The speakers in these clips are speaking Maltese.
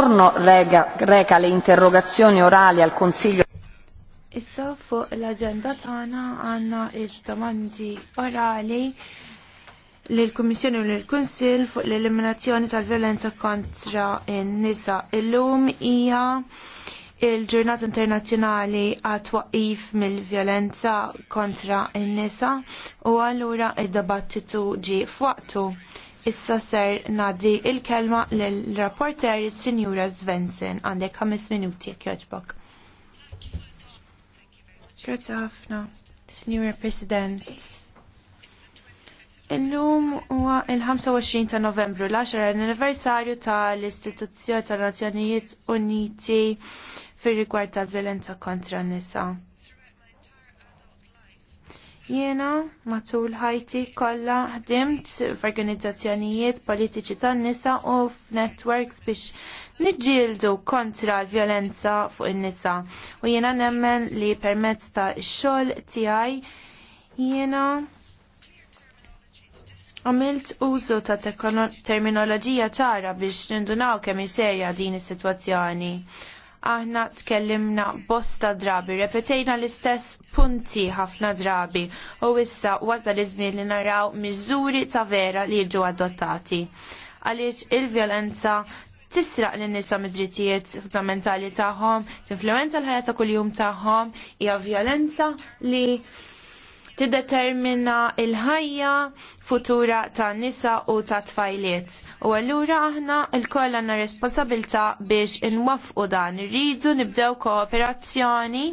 giorno rega, reca le interrogazioni orali al Consiglio. Issa fuq l-agenda tagħna għandna il-domandi orali lill-Kummissjoni u lill-Kunsill fuq l-eliminazzjoni tal-violenza kontra n-nisa. Illum hija il-Ġurnata Internazzjonali għat waqif mill-violenza kontra n-nisa u allura id-dibattitu ġie f'waqtu. Issa ser nadi il-kelma l-rapporter Sinjura Svensson għandek 5 minuti jekk joġbok. Grazie ħafna, Signora President. Illum huwa il-25 ta' Novembru, l-10 anniversarju tal-Istituzzjoni tan-Nazzjonijiet Uniti fir rigward tal-violenza kontra n-nisa. Jiena matul ħajti kollha ħdimt f'organizzazzjonijiet politiċi tan-nisa u f'networks biex niġġieldu kontra l-vjolenza fuq in-nisa. U jiena nemmen li permezz ta' x-xogħol tiegħi jiena Għamilt użu ta' terminoloġija ċara biex nindunaw kemm serja din is-sitwazzjoni aħna tkellimna bosta drabi, repetejna l-istess punti ħafna drabi u issa wasal iż-żmien li naraw miżuri ta' vera li jiġu adottati. Għaliex il-vjolenza tisraq l nisa mid-drittijiet fundamentali tagħhom, tinfluwenza l-ħajja ta' kuljum tagħhom, hija vjolenza li tiddetermina il-ħajja futura ta' nisa u ta' tfajliet. U allura aħna il koll għanna responsabilta biex inwaffqu dan irridu nibdew kooperazzjoni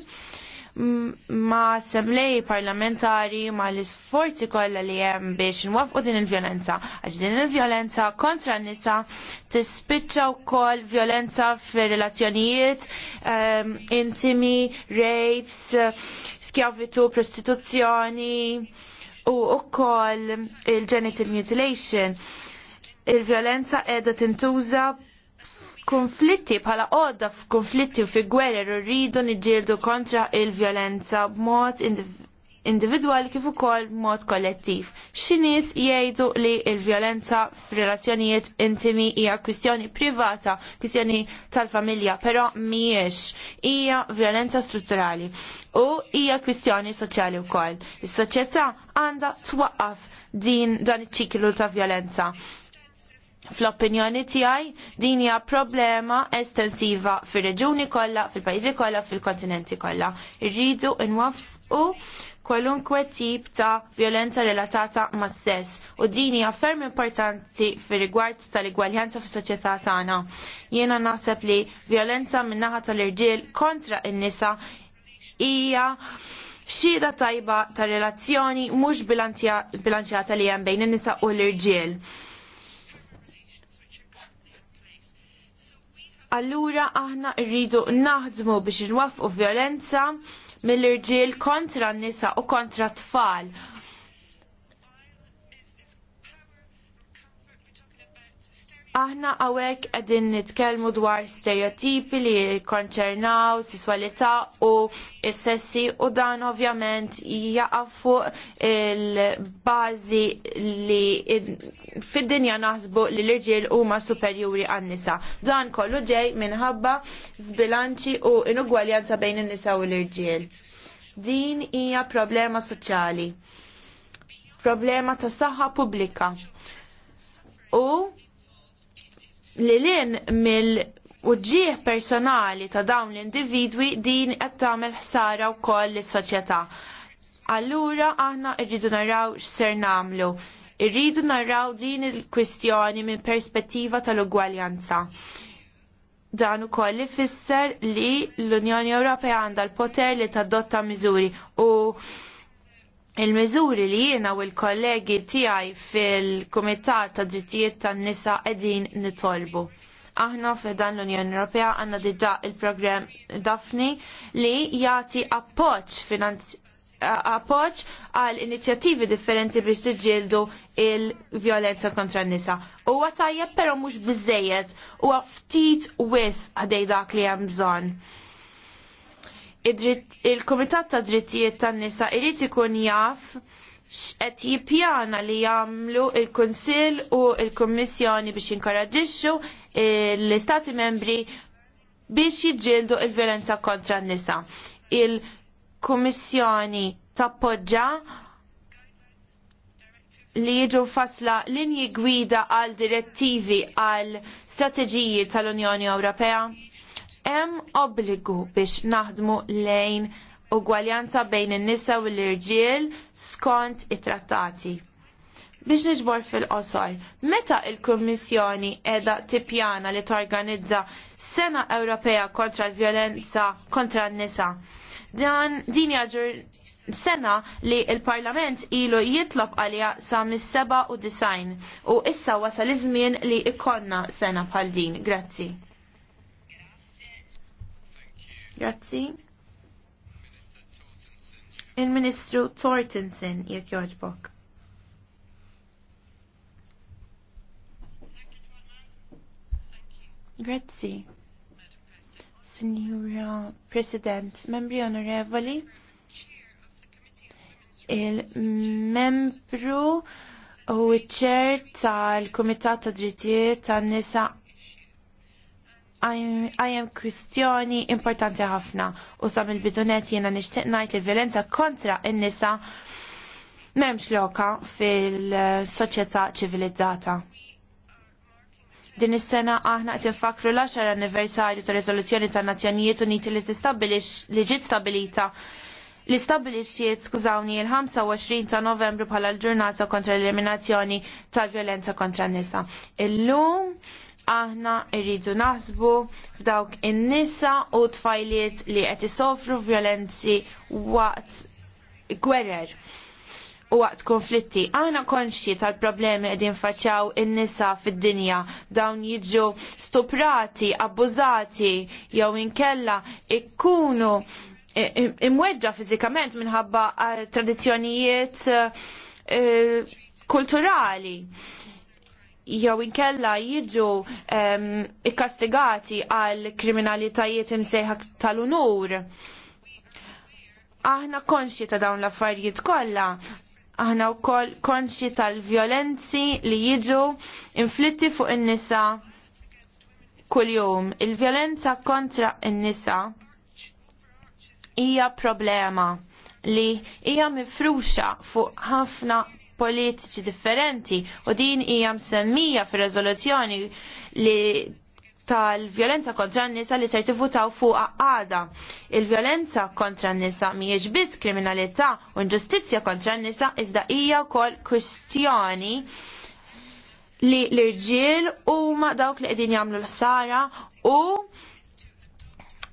ma' assembleji parlamentari ma' l-isforzi kollha li hemm biex nwafqu din il-vjolenza. Għax din il-vjolenza kontra n-nisa tispiċċa wkoll vjolenza fir-relazzjonijiet um, intimi, rapes, skjavitu, prostituzzjoni u kol il-genital mutilation. Il-vjolenza qiegħda tintuża f'konflitti bħala għodda f'konflitti u fi gwerer rridu niġieldu kontra il-vjolenza b'mod individwali kif ukoll b'mod kollettiv. Xi nies jgħidu li l-vjolenza f'relazzjonijiet intimi hija kwistjoni privata, kwistjoni tal-familja, però mhijiex hija vjolenza strutturali u hija kwistjoni soċjali wkoll. Is-soċjetà għandha twaqqaf din dan iċ-ċiklu ta' vjolenza. Fl-opinjoni tiegħi din hija problema estensiva fir-reġuni kollha, fil-pajjiżi kollha, fil-kontinenti kollha. Irridu nwaffqu kwalunkwe tip ta' violenza relatata ma' sess u din hija ferm importanti fir rigward tal-igwaljanza fis soċjetà tagħna. Jiena naħseb li violenza min-naħa tal-irġiel kontra n-nisa hija xhieda tajba ta' relazzjoni mhux bilanċjata li hemm bejn in-nisa u l-irġiel. allura aħna rridu naħdmu biex nwaffqu violenza mill-irġiel kontra n-nisa u kontra t-tfal Aħna għawek għedin nitkelmu dwar stereotipi li konċernaw sessualità u s-sessi u dan ovvjament jaqaf fuq il-bazi li fid-dinja naħsbu li l-irġiel huma superjuri għan-nisa. Dan kollu ġej minħabba zbilanċi u inugwaljanza bejn in-nisa u l-irġiel. Din hija problema soċjali. Problema ta' saħħa pubblika. U li l-in mill uġġieħ personali ta' dawn l-individwi din qed tagħmel ħsara wkoll lis-soċjetà. Allura aħna rridu naraw x'ser nagħmlu. Irridu naraw din il-kwistjoni minn perspettiva tal-ugwaljanza. Dan ukoll ifisser li l-Unjoni Ewropea għandha l-poter li tadotta miżuri u il-miżuri li jiena u l-kollegi tiegħi fil-Kumitat ta' Drittijiet tan-Nisa qegħdin nitolbu. Aħna f'dan l-Unjoni Ewropea għandna diġà il-programm Dafni li jagħti appoġġ appoġġ għal inizjattivi differenti biex tiġġieldu il-vjolenza kontra n-nisa. U għatajja pero mux bizzejet u għaftit wis għadej dak li hemm bżonn il-Komitat ta' Drittijiet tan-Nisa irid ikun jaf x'qed jippjana li jagħmlu il-Kunsill u l-Kummissjoni biex jinkoraġixxu l-Istati membri biex jiġġieldu l violenza kontra n-nisa. Il-Kummissjoni tappoġġa li jiġu fasla linji gwida għal direttivi għal strateġiji tal-Unjoni Ewropea hemm obbligu biex naħdmu lejn ugwaljanza bejn in-nisa u l-irġiel skont it-trattati biex niġbor fil-qosor, meta il-Kummissjoni edha tippjana li torganizza Sena Ewropea kontra l-violenza kontra n-nisa. Dan din jaġur sena li il-Parlament ilu jitlob għalija sa mis-97 u issa wasal iż-żmien li ikonna sena bħal din. Grazzi. Grazzi. Il-Ministru Tortinson jekk joġbok. Grazzi. Signora President, membri onorevoli, il-membru u ċer tal-Komitat ta' Drittijiet tan-Nisa għajem kwistjoni importanti ħafna u sam il-bidunet jena nishtiq najt il-violenza kontra il-nisa memx loka fil-soċjetà ċivilizzata. Din is-sena aħna qed infakru l-10 anniversarju ta' riżoluzzjoni ta' Nazzjonijiet Uniti li tistabbilix li ġiet stabilita li stabbilixxiet skużawni il-25 ta' Novembru bħala l-ġurnata kontra l-eliminazzjoni tal-vjolenza kontra n-nisa. Illum aħna irridu naħsbu f'dawk in-nisa u tfajliet li qed isofru violenzi waqt gwerer u waqt konflitti. Aħna konxi tal-problemi qegħdin faċċaw in-nisa fid-dinja dawn jiġu stuprati, abbużati jew inkella ikkunu imweġġa fiżikament minħabba eh, tradizzjonijiet eh, kulturali jew inkella jiġu ikkastigati għal kriminalitajiet imsejħa tal-unur. Aħna konxi ta' dawn l-affarijiet kollha, aħna wkoll konxi tal-vjolenzi li jiġu inflitti fuq in-nisa kuljum. Il-vjolenza kontra in-nisa hija problema li hija mifruxa fuq ħafna politiċi differenti u din hija msemmija fir-riżoluzzjoni li tal-vjolenza kontra n-nisa li ser tifutaw fuq għada. Il-vjolenza kontra n-nisa mhijiex biss kriminalità u inġustizzja kontra n-nisa iżda hija wkoll kustjoni li l-irġiel huma dawk li qegħdin jagħmlu l sara u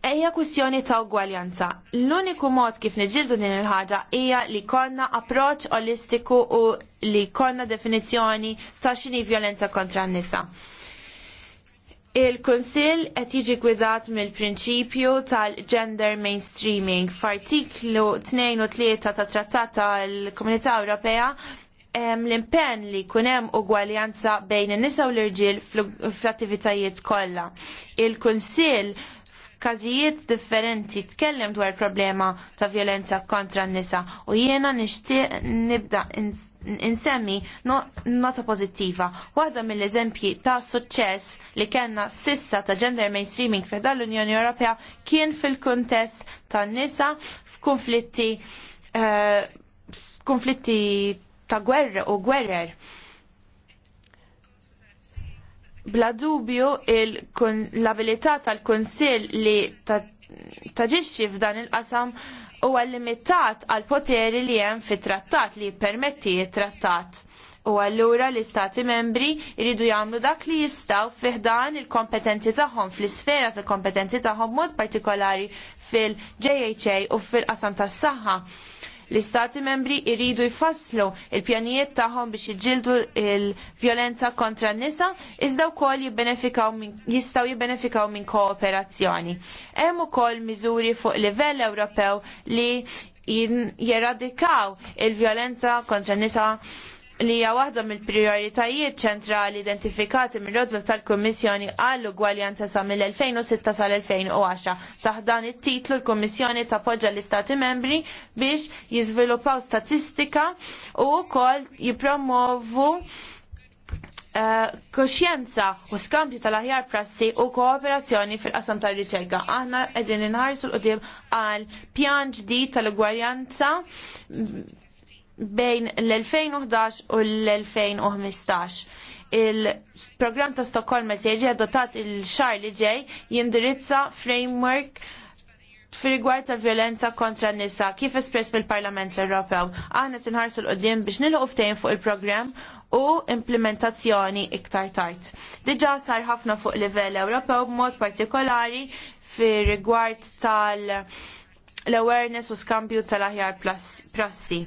Ejja kwistjoni ta' ugwaljanza. L-uniku mod kif niġildu din il-ħaġa hija li konna approċ olistiku u li konna definizzjoni ta' xini violenza kontra n-nisa. Il-Kunsill qed jiġi gwidat mill-prinċipju tal-gender mainstreaming f'artiklu 2 u 3 ta' Trattat tal-Komunità Ewropea l-impenn li kunem ugwaljanza bejn in-nisa u l-irġiel fl-attivitajiet kollha. Il-Kunsill każijiet differenti tkellem dwar problema ta' violenza kontra n-nisa u jiena nixtieq nibda insemmi nota pozittiva. Waħda mill-eżempji ta' suċċess li kellna sissa ta' gender mainstreaming feda l-Unjoni Ewropea kien fil-kuntest ta' nisa f'konflitti eh, konflitti ta' gwerra u gwerrer. Bla dubju l-abilità tal-Konsil li taġixxi f'dan il-qasam huwa limitat għal poteri li hemm fit-trattat li jippermetti it-trattat. U allura l-istati membri jridu jagħmlu dak li jistgħu fiħdan il kompetenti tagħhom fl-isfera tal kompetenti tagħhom mod partikolari fil-JHA u fil-qasam tas-saħħa. L-Istati membri jridu jfasslu il-pjanijiet tagħhom biex iġildu il-vjolenza kontra n-nisa iżda wkoll jistgħu jibbenefikaw minn kooperazzjoni. Hemm ukoll miżuri fuq livell Ewropew li jeradikaw il-vjolenza kontra n-nisa li hija waħda mill-prijoritajiet ċentrali identifikati mir-roadmap tal-Kummissjoni għall ugwaljanza sa mill-2006 sal-2010. Taħ dan it-titlu l-Kummissjoni tappoġġa l-Istati membri biex jiżviluppaw statistika u wkoll jippromovu Uh, eh, koxjenza u skambju tal-aħjar prassi u kooperazzjoni fil-qasam tal-riċerka. Aħna qegħdin inħarsu l-qudiem għal pjan ġdid tal-ugwarjanza bejn l-2011 u l-2015. Il-program ta' Stockholm se jiġi adottat il-xar li ġej jindirizza framework fil-rigward ta' violenza kontra n-nisa kif espress mill-Parlament Ewropew. Aħna tinħarsu l qudiem biex nilħu ftehim fuq il-programm u implementazzjoni iktar tard. Diġà sar ħafna fuq livell Ewropew b'mod partikolari fir rigward tal- l-awareness u skambju tal-aħjar prassi.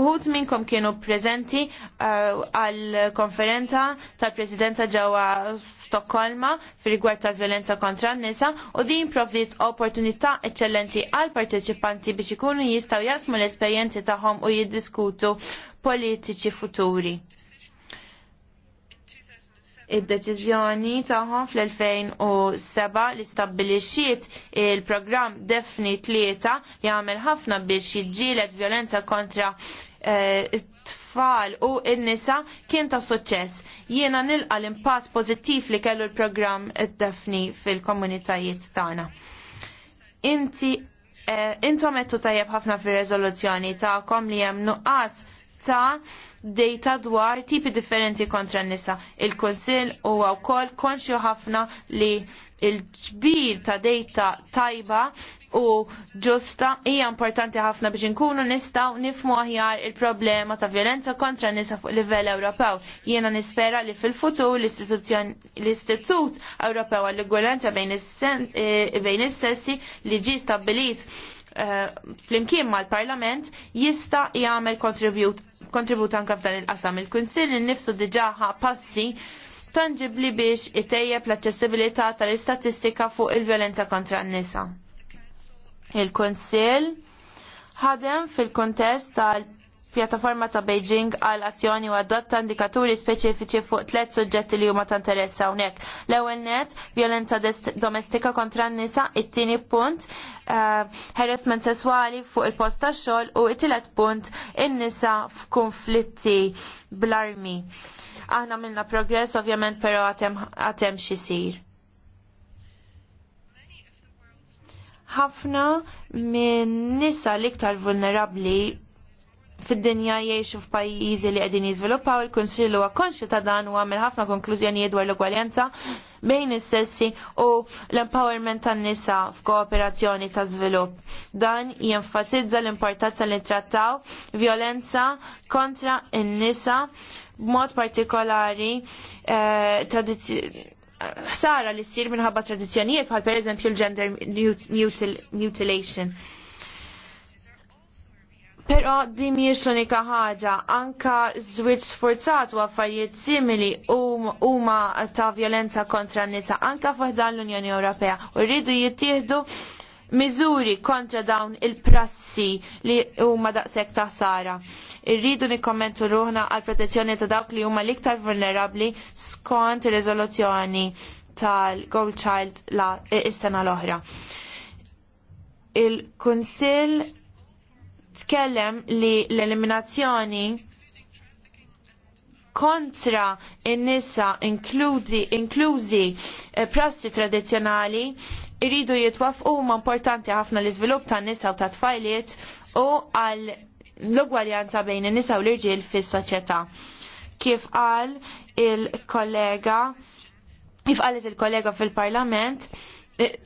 Uħut minnkom kienu prezenti uh, għal-konferenza tal-Presidenta ġewwa Stokkolma fir-rigward tal-violenza kontra n-nisa u din provdiet opportunità eccellenti għal-parteċipanti biex ikunu jistaw jasmu l-esperjenzi tagħhom u jiddiskutu politiċi futuri id-deċiżjoni tagħhom fl-2007 li stabbilixxiet il-programm Defni Tlieta jagħmel ħafna biex jiġġieled violenza kontra eh, tfal u n-nisa kien ta' suċċess. Jiena nilqa l-impatt pożittiv li kellu l-programm Defni fil-komunitajiet tagħna. Inti eh, intom qed tajjeb ħafna fir-reżoluzzjoni tagħkom li hemm nuqqas ta' data dwar tipi differenti kontra n-nisa. Il-Konsil huwa wkoll konxju ħafna li il-ġbir ta' data tajba u ġusta hija importanti ħafna biex inkunu nistgħu nifmu aħjar il-problema ta' violenza kontra nisa fuq livell Ewropew. Jiena nispera li fil-futur l-Istitut Ewropew għall-Igwaranza eh, bejn is-sessi li ġie stabbilit Eh, flimkien mal-Parlament jista jagħmel kontribut anke f'dan il-qasam. Il-Kunsill innifsu diġà passi tangibli biex itejjeb l-aċċessibilità tal-istatistika fuq il-violenza kontra n-nisa. Il-Kunsill ħadem fil-kontest tal- pjattaforma ta' Beijing għal azzjoni u adotta indikaturi speċifiċi fuq tliet suġġetti li huma ta' interess hawnhekk. L-ewwel net, violenza domestika kontra n-nisa, it-tieni punt, eh, harassment sesswali fuq il-post tax-xogħol u it-tielet punt in-nisa f'kunflitti bl-armi. Aħna minna progress ovvjament però għatem xisir. ħafna minn nisa l-iktar vulnerabli fid-dinja jgħixu f'pajjiżi li qegħdin jiżviluppaw il-Kunsill huwa konxju ta' dan u għamel ħafna konklużjonijiet dwar l-ugwaljanza bejn is-sessi u l-empowerment tan-nisa f'kooperazzjoni ta' żvilupp. Dan jenfasizza l-importanza li trattaw violenza kontra n-nisa b'mod partikolari eh, sara li ssir minħabba tradizzjonijiet bħal pereżempju l-gender mutil mutilation. Però di miex l-unika ħaġa, anka żwieġ sforzat u affarijiet simili huma ta' violenza kontra n-nisa anka f'dan l-Unjoni Ewropea u rridu jittieħdu miżuri kontra dawn il-prassi li huma daqshekk ta' sara. Irridu nikkommentu ruħna għal protezzjoni ta' dawk li huma l-iktar vulnerabbli skont ir-riżoluzzjoni tal-Gold Child la e-, is-sena l-oħra. Il-Kunsill tkellem li l-eliminazzjoni kontra in-nisa inklużi eh, prassi tradizzjonali jridu jitwafqu ma importanti ħafna l-iżvilupp tan nisa u ta' tfajliet u għal l-ugwaljanza bejn in-nisa u l-irġiel fis-soċjetà. Kif qal il-kollega, kif qalet il-kollega fil-Parlament, eh,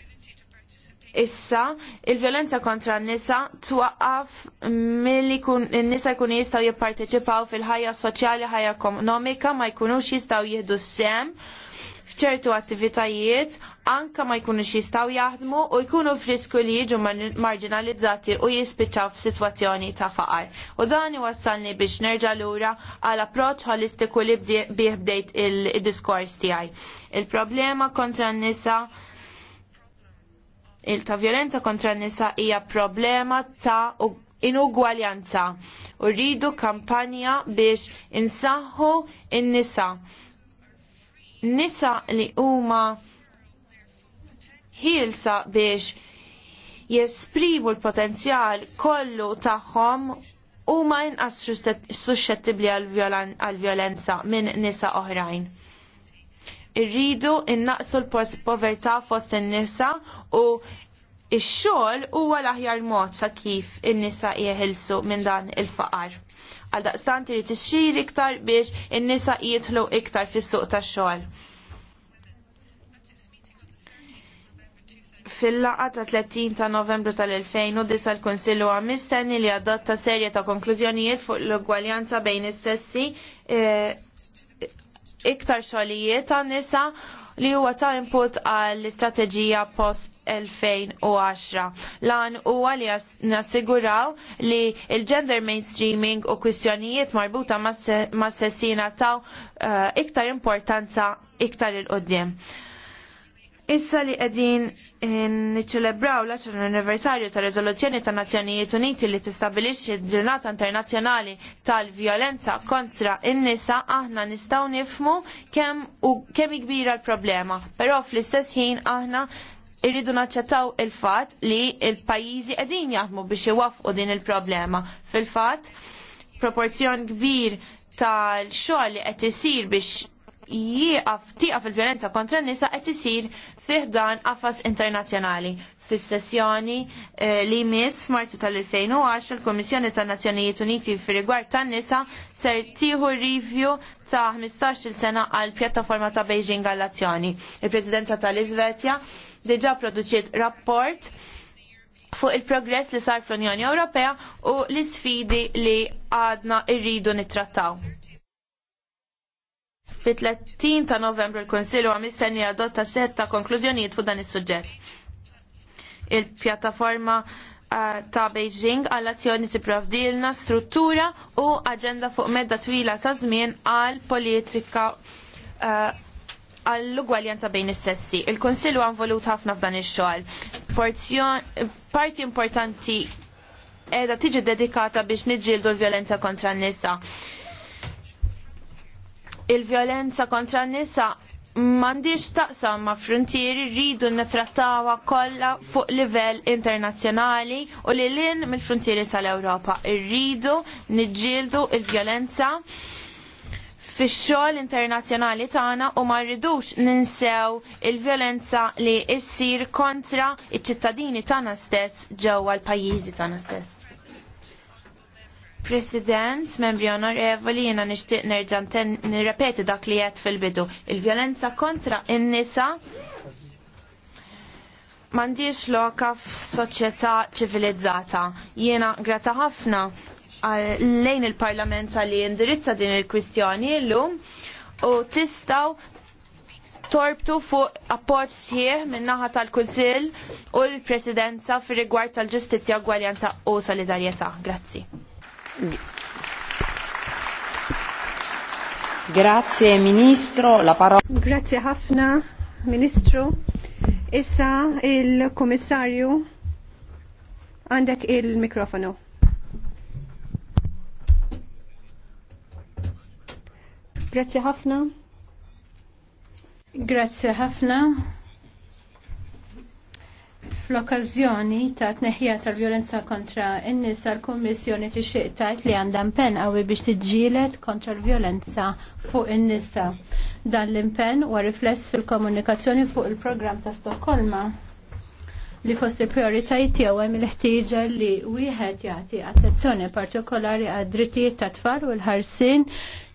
Issa, il-violenza kontra n-nisa twaqqaf milli n-nisa jkunu jistaw jipparteċipaw fil-ħajja soċjali, ħajja ekonomika, ma jkunux jistaw jihdu sem fċertu attivitajiet anka ma jkunux jistaw jaħdmu u jkunu frisku li jiġu marginalizzati u jispiċċaw f'sitwazzjoni ta' faqar. U dan wassalni biex nerġa' lura għal approċċ holistiku li bih bdejt il-diskors tiegħi. Il-problema kontra n-nisa il-ta' violenza kontra n-nisa hija problema ta' inugwaljanza u rridu kampanja biex insaħħu n nisa Nisa li huma ħilsa biex jesprimu l-potenzjal kollu tagħhom huma inqas suscettibbli għall-vjolenza minn nisa oħrajn irridu innaqsu l-povertà fost in-nisa u ix-xogħol huwa l-aħjar mod sa kif in-nisa jeħilsu minn dan il-faqar. Għal daqstant irid ixxir iktar biex in-nisa jidħlu iktar fis-suq tax-xogħol. fil laqgħa ta' 30 ta' novembru tal-2009 l-Konsillu għam mistenni li adotta serje ta' konklużjonijiet fuq l-ugwaljanza bejn is-sessi eh, iktar xogħlijiet ta' nisa li huwa ta' input għall istrateġija post 2010. Lan huwa li nassiguraw li il-gender mainstreaming u kwistjonijiet marbuta ma' sessina taw uh, iktar importanza iktar il-qoddim. Issa li qegħdin eh, niċċelebraw l-10 anniversarju ta' rezoluzzjoni ta' Nazzjonijiet Uniti li tistabilixxi l-Ġurnata Internazzjonali tal-Vjolenza kontra n-nisa aħna nistgħu nifmu kemm u kemm kbira l-problema. Però fl-istess ħin aħna irridu naċċettaw il-fatt li l-pajjiżi qegħdin jaħdmu biex iwaffqu din il-problema. Fil-fatt, proporzjon kbir tal-xogħol li qed isir biex jieqaf tieqaf il-vjolenza kontra n-nisa qed isir fih dan qafas internazzjonali. Fis-sessjoni eh, li mis f'Marzu tal-2010 il-Kummissjoni tan-Nazzjonijiet Uniti fir-rigward tan-nisa ser tieħu review ta' 15-il sena għal pjattaforma ta' Beijing għall-azzjoni. Il-Presidenza tal-Iżvezja diġà produċiet rapport fuq il-progress li sar fl-Unjoni Ewropea u l-isfidi li għadna irridu nittrattaw. Fit-30 ta' novembru l-Konsilju għam mistenni adotta set ta' konklużjonijiet fuq dan is-suġġett. Il-pjattaforma eh, ta' Beijing għall azzjoni tipprovdilna struttura u aġenda fuq medda twila ta' żmien għal politika eh, għall-ugwaljanza bejn is-sessi. Il-Konsilju għam volut ħafna f'dan ix-xogħol. Parti importanti edha tiġi dedikata biex niġġieldu l-vjolenza kontra n-nisa il-violenza kontra n-nisa mandiġ taqsam ma' frontieri rridu nitrattawa kollha fuq livell internazzjonali u li lin mill-frontieri tal-Ewropa. Irridu niġġieldu il-violenza fix-xogħol internazzjonali tagħna u ma rridux ninsew il-violenza li ssir kontra iċ-ċittadini tagħna stess ġewwa l-pajjiżi tagħna stess. President, membri onorevoli, jena nishtiq nerġan nirrepeti dak li jett fil-bidu. Il-violenza kontra in-nisa mandiġ loka f-soċieta ċivilizzata. Jena grata ħafna lejn il-parlament li indirizza din il-kwistjoni illum u tistaw torbtu fuq apport sħiħ minnaħa tal-Kunsil u l-Presidenza fir rigward tal-ġustizja, gwaljanza u solidarjetà. Grazzi. Grazie Ministro, la parola. Grazie Hafna, Ministro. Issa il-Kummissarju għandek il-mikrofonu. Grazie Hafna. Grazie Hafna. Fl-okkażjoni ta' tneħħija tal-vjolenza kontra n-nisa l-Kummissjoni tixtieq tgħid li għandha impenn qawwi biex tiġġieled kontra l-vjolenza fuq in-nisa. Dan l-impenn huwa rifless fil-komunikazzjoni fuq il-programm ta' Stokkolma li fost il prioritajt tiegħu hemm il-ħtieġa li wieħed jagħti attenzjoni partikolari għad drittijiet tat-tfal u l-ħarsien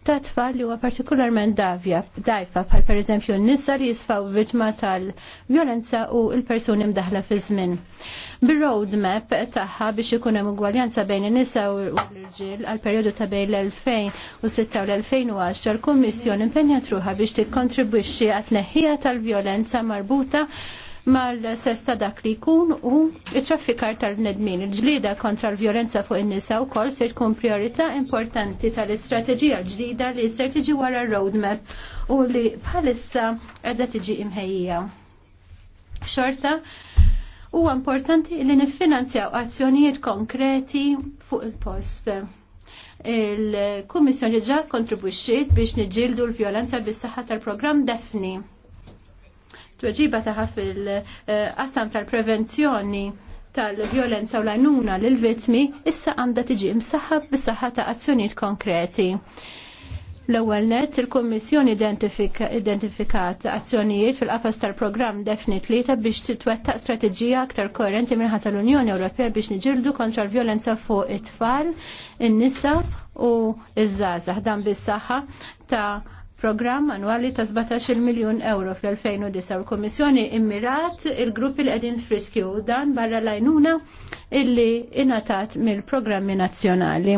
ta' tfal li huwa partikolarment davja, dajfa bħal pereżempju n-nisa li jisfaw vittma tal-vjolenza u l-persuni mdaħla fi żmien. Bir-roadmap tagħha biex ikun hemm ugwaljanza bejn in-nisa u l-irġiel għal perjodu ta' bejn l-2006 u l-2010 l-Kummissjoni impenjat ruħha biex tikkontribwixxi għat tneħħija tal-vjolenza marbuta mal-sess ta' dak li jkun u it-traffikar tal-nedmin. Il-ġlida kontra l-violenza fuq in-nisa wkoll se tkun priorità importanti tal-istrateġija ġdida li ser tiġi wara roadmap u li bħalissa qiegħda tiġi imħejja. Xorta, huwa importanti li niffinanzjaw azzjonijiet konkreti fuq il-post il-Kummissjoni ġa kontribwixxiet biex niġġieldu l-vjolenza bis-saħħa tal-programm Defni tweġiba taħħa fil-qassam tal-prevenzjoni tal-violenza u l-għajnuna l-vittmi issa għandha tiġi msaħħab bis-saħħa ta' azzjonijiet konkreti. L-ewwel nett il-Kummissjoni identifikat azzjonijiet fil-qafas tal-programm Defni ta' biex titwettaq strateġija aktar koerenti minħa l-Unjoni Ewropea biex niġildu kontra l-vjolenza fuq it-tfal, in-nisa u iż-żgħażagħ dan bis-saħħa ta' programm annwali ta' 17 miljun euro fl-2009 il l-Komissjoni immirat il-gruppi li qegħdin friskju dan barra lajnuna illi inatat mill-programmi nazzjonali.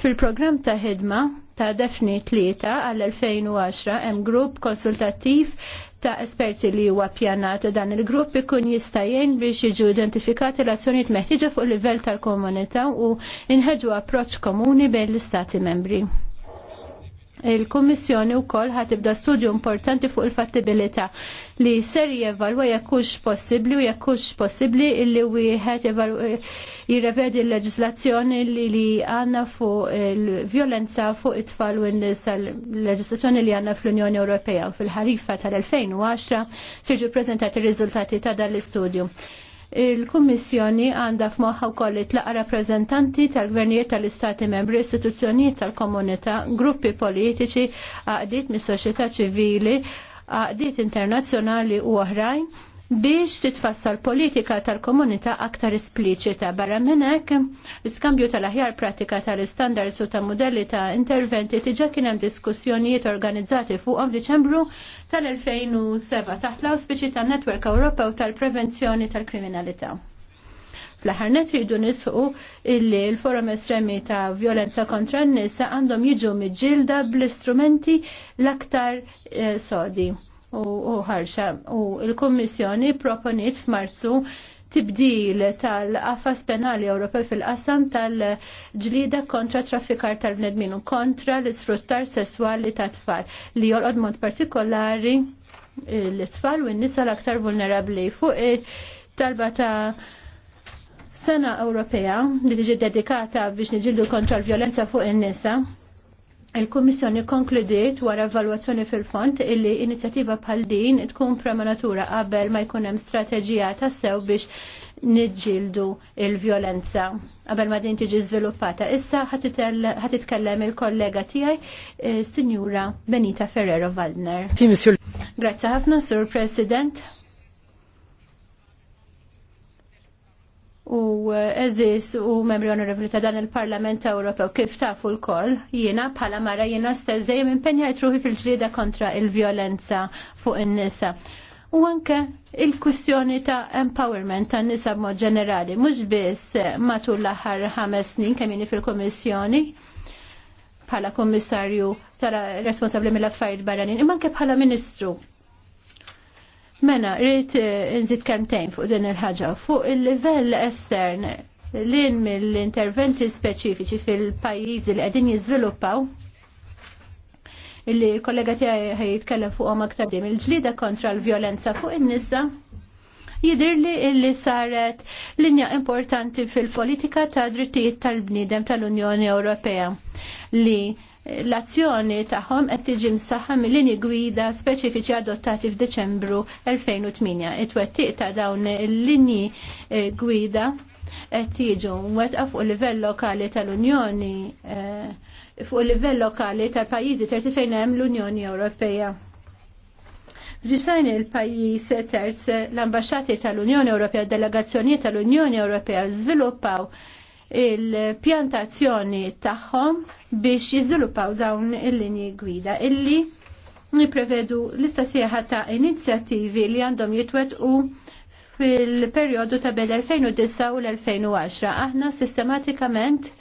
Fil-programm ta' ħidma ta' Defni 3 għal-2010 hemm grupp konsultattiv ta' esperti li huwa pjanat dan il-grupp ikun jista' jgħin biex jiġu identifikati l-azzjonijiet meħtieġa fuq livell tal-komunità u inħeġu approċċ komuni bejn l-istati membri. Il-Kummissjoni wkoll ħat studju importanti fuq il-fattibilità li ser jevalwa hux possibbli u jekk hux possibbli illi wieħed jirrevedi l-leġislazzjoni li għandna fuq il-vjolenza fuq it-tfal u n-nisa l-leġislazzjoni li għandna fl-Unjoni Ewropea fil-ħarifa tal-2010 sirġu prezentati r-riżultati ta' dal-istudju. Il-Kummissjoni għandha f'moħħa wkoll tlaqa rappreżentanti tal-gvernijiet tal-Istati membri, istituzzjonijiet tal-komunità, gruppi politiċi, għaqdiet mis-soċjetà ċivili, għaqdiet internazzjonali u oħrajn biex titfassal politika tal-komunità aktar espliċita barra minnek, iskambju tal-aħjar pratika tal-standards u ta' modelli ta' interventi tiġa kien hemm diskussjonijiet organizzati fuqhom f'Diċembru tal-2007 taħt l-auspiċi ta' Netwerk Ewropew tal-Prevenzjoni tal-Kriminalità. Fl-aħħar net rridu nisħu illi l-forum estremi ta' violenza kontra n-nisa għandhom jiġu miġġilda bl-istrumenti l-aktar eh, sodi u ħarxa. U il-Kommissjoni proponiet f'Marzu tibdil tal-qafas penali Ewropej fil-qasam tal-ġlida kontra traffikar tal-bnedmin u kontra l-isfruttar sesswali ta' tfal li jorqod mod partikolari l-tfal u n-nisa l-aktar vulnerabli fuq il-talba ta' sena Ewropea li ġi dedikata biex niġildu kontra l-violenza fuq in-nisa Il-Kummissjoni konkludiet wara evalwazzjoni fil-fond illi inizjattiva bħal din tkun premanatura qabel ma jkun hemm strateġija ta' sew biex niġġieldu il-vjolenza qabel ma din tiġi żviluppata. Issa ħad titkellem il-kollega tiegħi eh, Sinjura Benita Ferrero Waldner. Grazzi ħafna, Sur President. u eh, eżis u membri onorevoli ta' dan il-Parlament Ewropew kif tafu l-koll, jiena bħala mara jiena stess dejjem impenjajt ruħi fil-ġlida kontra il-vjolenza fuq in-nisa. U anke il-kwistjoni ta' empowerment ta' nisa b'mod ġenerali, mhux biss matul l-aħħar ħames snin kemm fil-Kummissjoni bħala Kummissarju tara responsabbli mill-affarijiet barranin, imma anke bħala Ministru Mena, rrit eh, nżid kemtejn fuq din il-ħagġa, fuq il-livell estern l-in mill-interventi speċifiċi fil-pajjiżi li qegħdin jiżviluppaw illi kollega tiegħi fuq fuqhom aktar dim il-ġlida kontra l-vjolenza fuq in-nisa jidirli illi saret linja importanti fil-politika ta' drittijiet tal-bniedem tal-Unjoni Ewropea li l-azzjoni tagħhom qed tiġi msaħħa mill-linji gwida speċifiċi adottati f'Deċembru 2008. It-twettiq ta' dawn il-linji eh, gwida qed tiġu wetqa fuq livell lokali tal-Unjoni eh, fuq livell lokali tal-pajjiżi terzi fejn hemm l-Unjoni Ewropea. F'ġisajn il-pajjiż terz l-ambasċati tal-Unjoni Ewropea delegazzjoni delegazzjonijiet tal-Unjoni Ewropea żviluppaw il-pjantazzjoni tagħhom biex jiżviluppaw dawn il-linji gwida illi niprevedu l-istasieħa ta' inizjattivi li għandhom jitwetqu fil-perjodu ta' bel 2009 u l-2010. Aħna sistematikament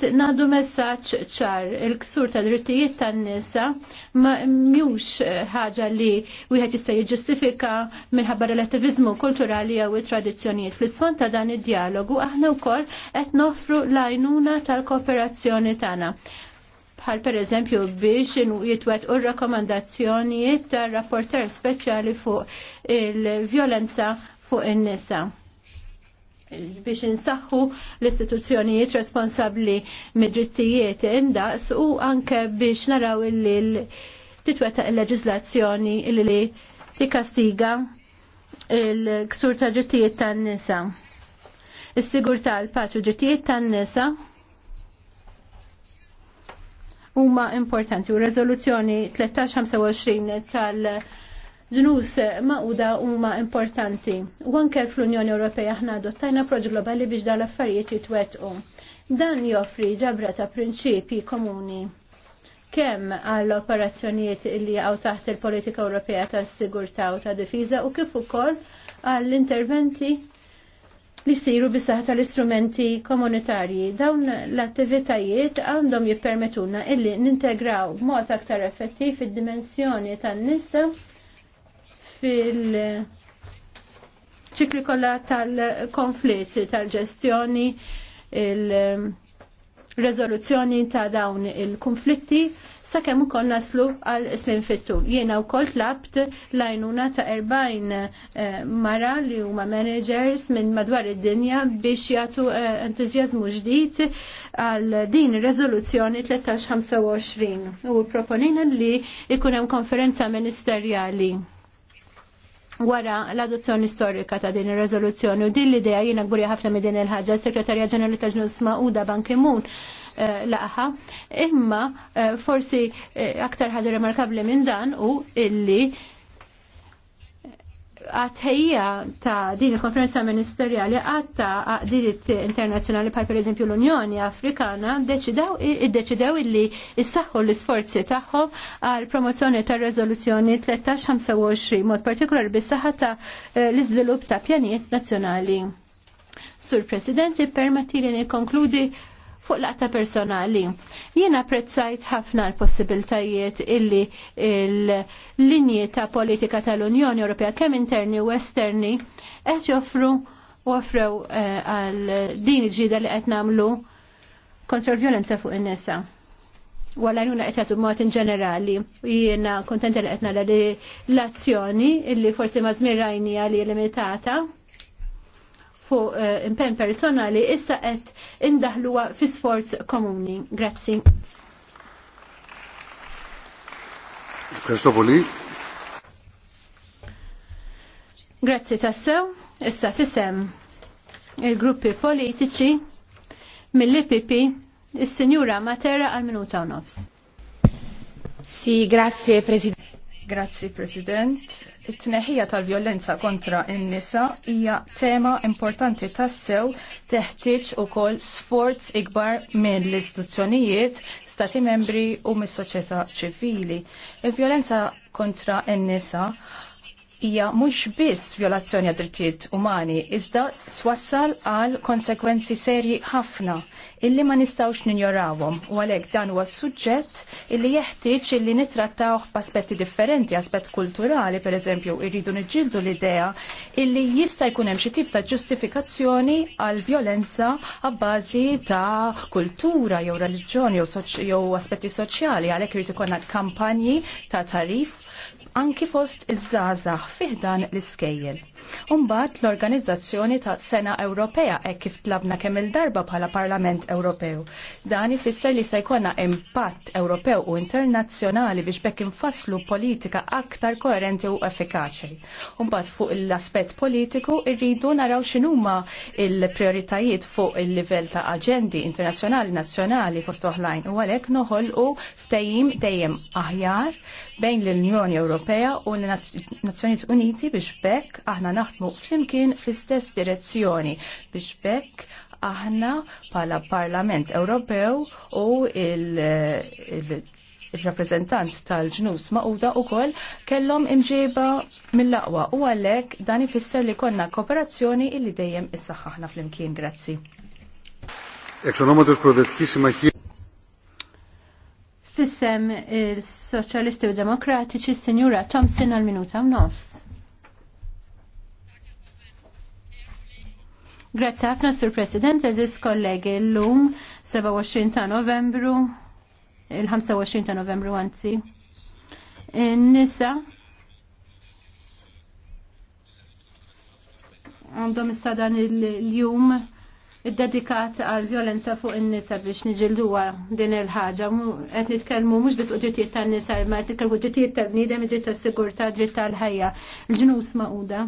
qed nagħdu messaġġ ċar il-ksur ta' drittijiet tan-nisa mjux eh, ħaġa li wieħed jista' jiġġustifika minħabba relativizmu kulturali jew it-tradizzjonijiet. Fl-isfond ta' dan id-dialogu aħna wkoll qed nofru l-għajnuna tal-kooperazzjoni tagħna bħal per eżempju biex jitwet u rakomandazzjonijiet tar rapporter speċjali fuq il-vjolenza fuq in-nisa biex insaħħu l-istituzzjonijiet responsabbli mid-drittijiet indaqs u anke biex naraw illi titweta il-leġislazzjoni illi tikastiga il-ksur ta' drittijiet tan-nisa. Is-sigurtà l-paċu drittijiet tan-nisa huma importanti u rezoluzzjoni 1325 tal- ġnus maquda huma importanti. U anke fl-Unjoni Ewropea aħna adottajna proġ globali biex dawn l-affarijiet jitwettqu. Dan joffri ġabra ta' prinċipji komuni kemm għall operazzjonijiet li għaw taħt il-politika Ewropea tas sigurtà u ta' difiża u kif ukoll għall interventi li siru bisaħ tal-istrumenti komunitarji. Dawn l-attivitajiet għandhom jippermetuna illi nintegraw b'mod aktar effettiv id-dimensjoni tan-nisa fil- ċikli kollha tal-konflitt, tal-ġestjoni, il-rezoluzzjoni ta' dawn il-konflitti, sakemm ukoll naslu għal snin fittu. Jiena wkoll tlabt lajnuna ta' 40 eh, mara li huma managers minn madwar id-dinja biex jagħtu eh, entużjażmu ġdid għal din ir-reżoluzzjoni 1325 u proponina li jkun hemm konferenza ministerjali wara l-adozzjoni storika ta' din ir rezoluzzjoni u din l-idea jiena gburja ħafna minn din il-ħaġa s-Sekretarja Ġenerali ta' Ġnus Mauda Ban Ki-moon eh, laqħa, imma eh, forsi eh, aktar ħaġa remarkabli minn dan u illi għatħejja ta' din il-konferenza ministerjali għatta għadidit internazjonali pal per eżempju l-Unjoni Afrikana id-deċidew illi issaħħu l-sforzi tagħhom għal promozzjoni ta' rezoluzzjoni 1325 mod partikolari bis-saħħa ta' eh, l-iżvilupp ta' pjanijiet nazzjonali. Sur President, permetti li nikkonkludi fuq laqta personali. Jiena apprezzajt ħafna l-possibiltajiet illi l-linji ta' politika tal-Unjoni Ewropea kemm interni u esterni qed joffru u offrew eh, għal din il-ġida li qed nagħmlu kontra l-vjolenza fuq in-nisa. Walla jnuna qed mod in ġenerali. Jiena kontenta li qed nara li l-azzjoni illi forsi ma żmirajni għali limitata fuq eh, impenn personali issa qed indaħluha fi sforz komuni. Grazzi. Kristopoli. Grazzi tassew, issa fisem il-gruppi politiċi mill-IPP is-Sinjura Matera għal minuta u nofs. Si, grazie Presidente. Grazzi President. It-tneħija tal-vjolenza kontra n-nisa hija tema importanti tassew teħtieġ ukoll sforz ikbar minn l-istituzzjonijiet, stati membri u mis-soċjetà ċivili. Il-vjolenza kontra n-nisa hija mhux biss violazzjoni għad drittijiet umani, iżda twassal għal konsekwenzi serji ħafna illi ma nistawx ninjorawhom u għalhekk dan huwa suġġett illi jeħtieġ illi nittrattawh b'aspetti differenti, aspett kulturali pereżempju irridu niġġieldu l-idea illi jista' jkun hemm xi tip ta' ġustifikazzjoni għal violenza għabbażi ta' kultura jew reliġjoni jew aspetti soċjali għalhekk irid ikollna kampanji ta' tarif anki fost iż fih fiħdan l-iskejjel. Umbagħad l-organizzazzjoni ta' Sena Ewropea hekk kif tlabna kemm il-darba bħala Parlament Ewropew. Dan ifisser li se jkollna impatt Ewropew u internazzjonali biex bekk infasslu politika aktar koerenti u effikaċi. Umbagħad fuq l-aspett politiku irridu naraw x'inhuma il-prioritajiet fuq il-livell ta' aġendi internazzjonali nazzjonali fost oħlajn u għalhekk noħolqu ftehim dejjem aħjar bejn l-Unjoni Ewropea u l-Nazzjonijiet Uniti biex bekk aħna naħdmu flimkien fl-istess direzzjoni biex bekk aħna pala Parlament Ewropew u il- il-rappresentant tal-ġnus maquda u koll kellom imġiba mill-laqwa u għallek dan ifisser li konna kooperazzjoni illi dejjem issaħħaħna fl-imkien. Grazzi. Fissem il-Soċjalisti u Demokratiċi, Sinjura Thompson għal-minuta u nofs. Grazie ħafna, Sur President, eżis kollegi l-lum 27 ta' novembru, il-25 ta' novembru għanzi. Nisa, għandhom issa dan il-jum id-dedikat għal violenza fuq in-nisa biex niġilduha din il-ħaġa. Qed nitkellmu mhux biss ta' tan-nisa, ma qed nitkellmu ġittijiet tal-bniedem, ġittijiet tas-sigurtà, ġittijiet tal-ħajja. l ġnus uda.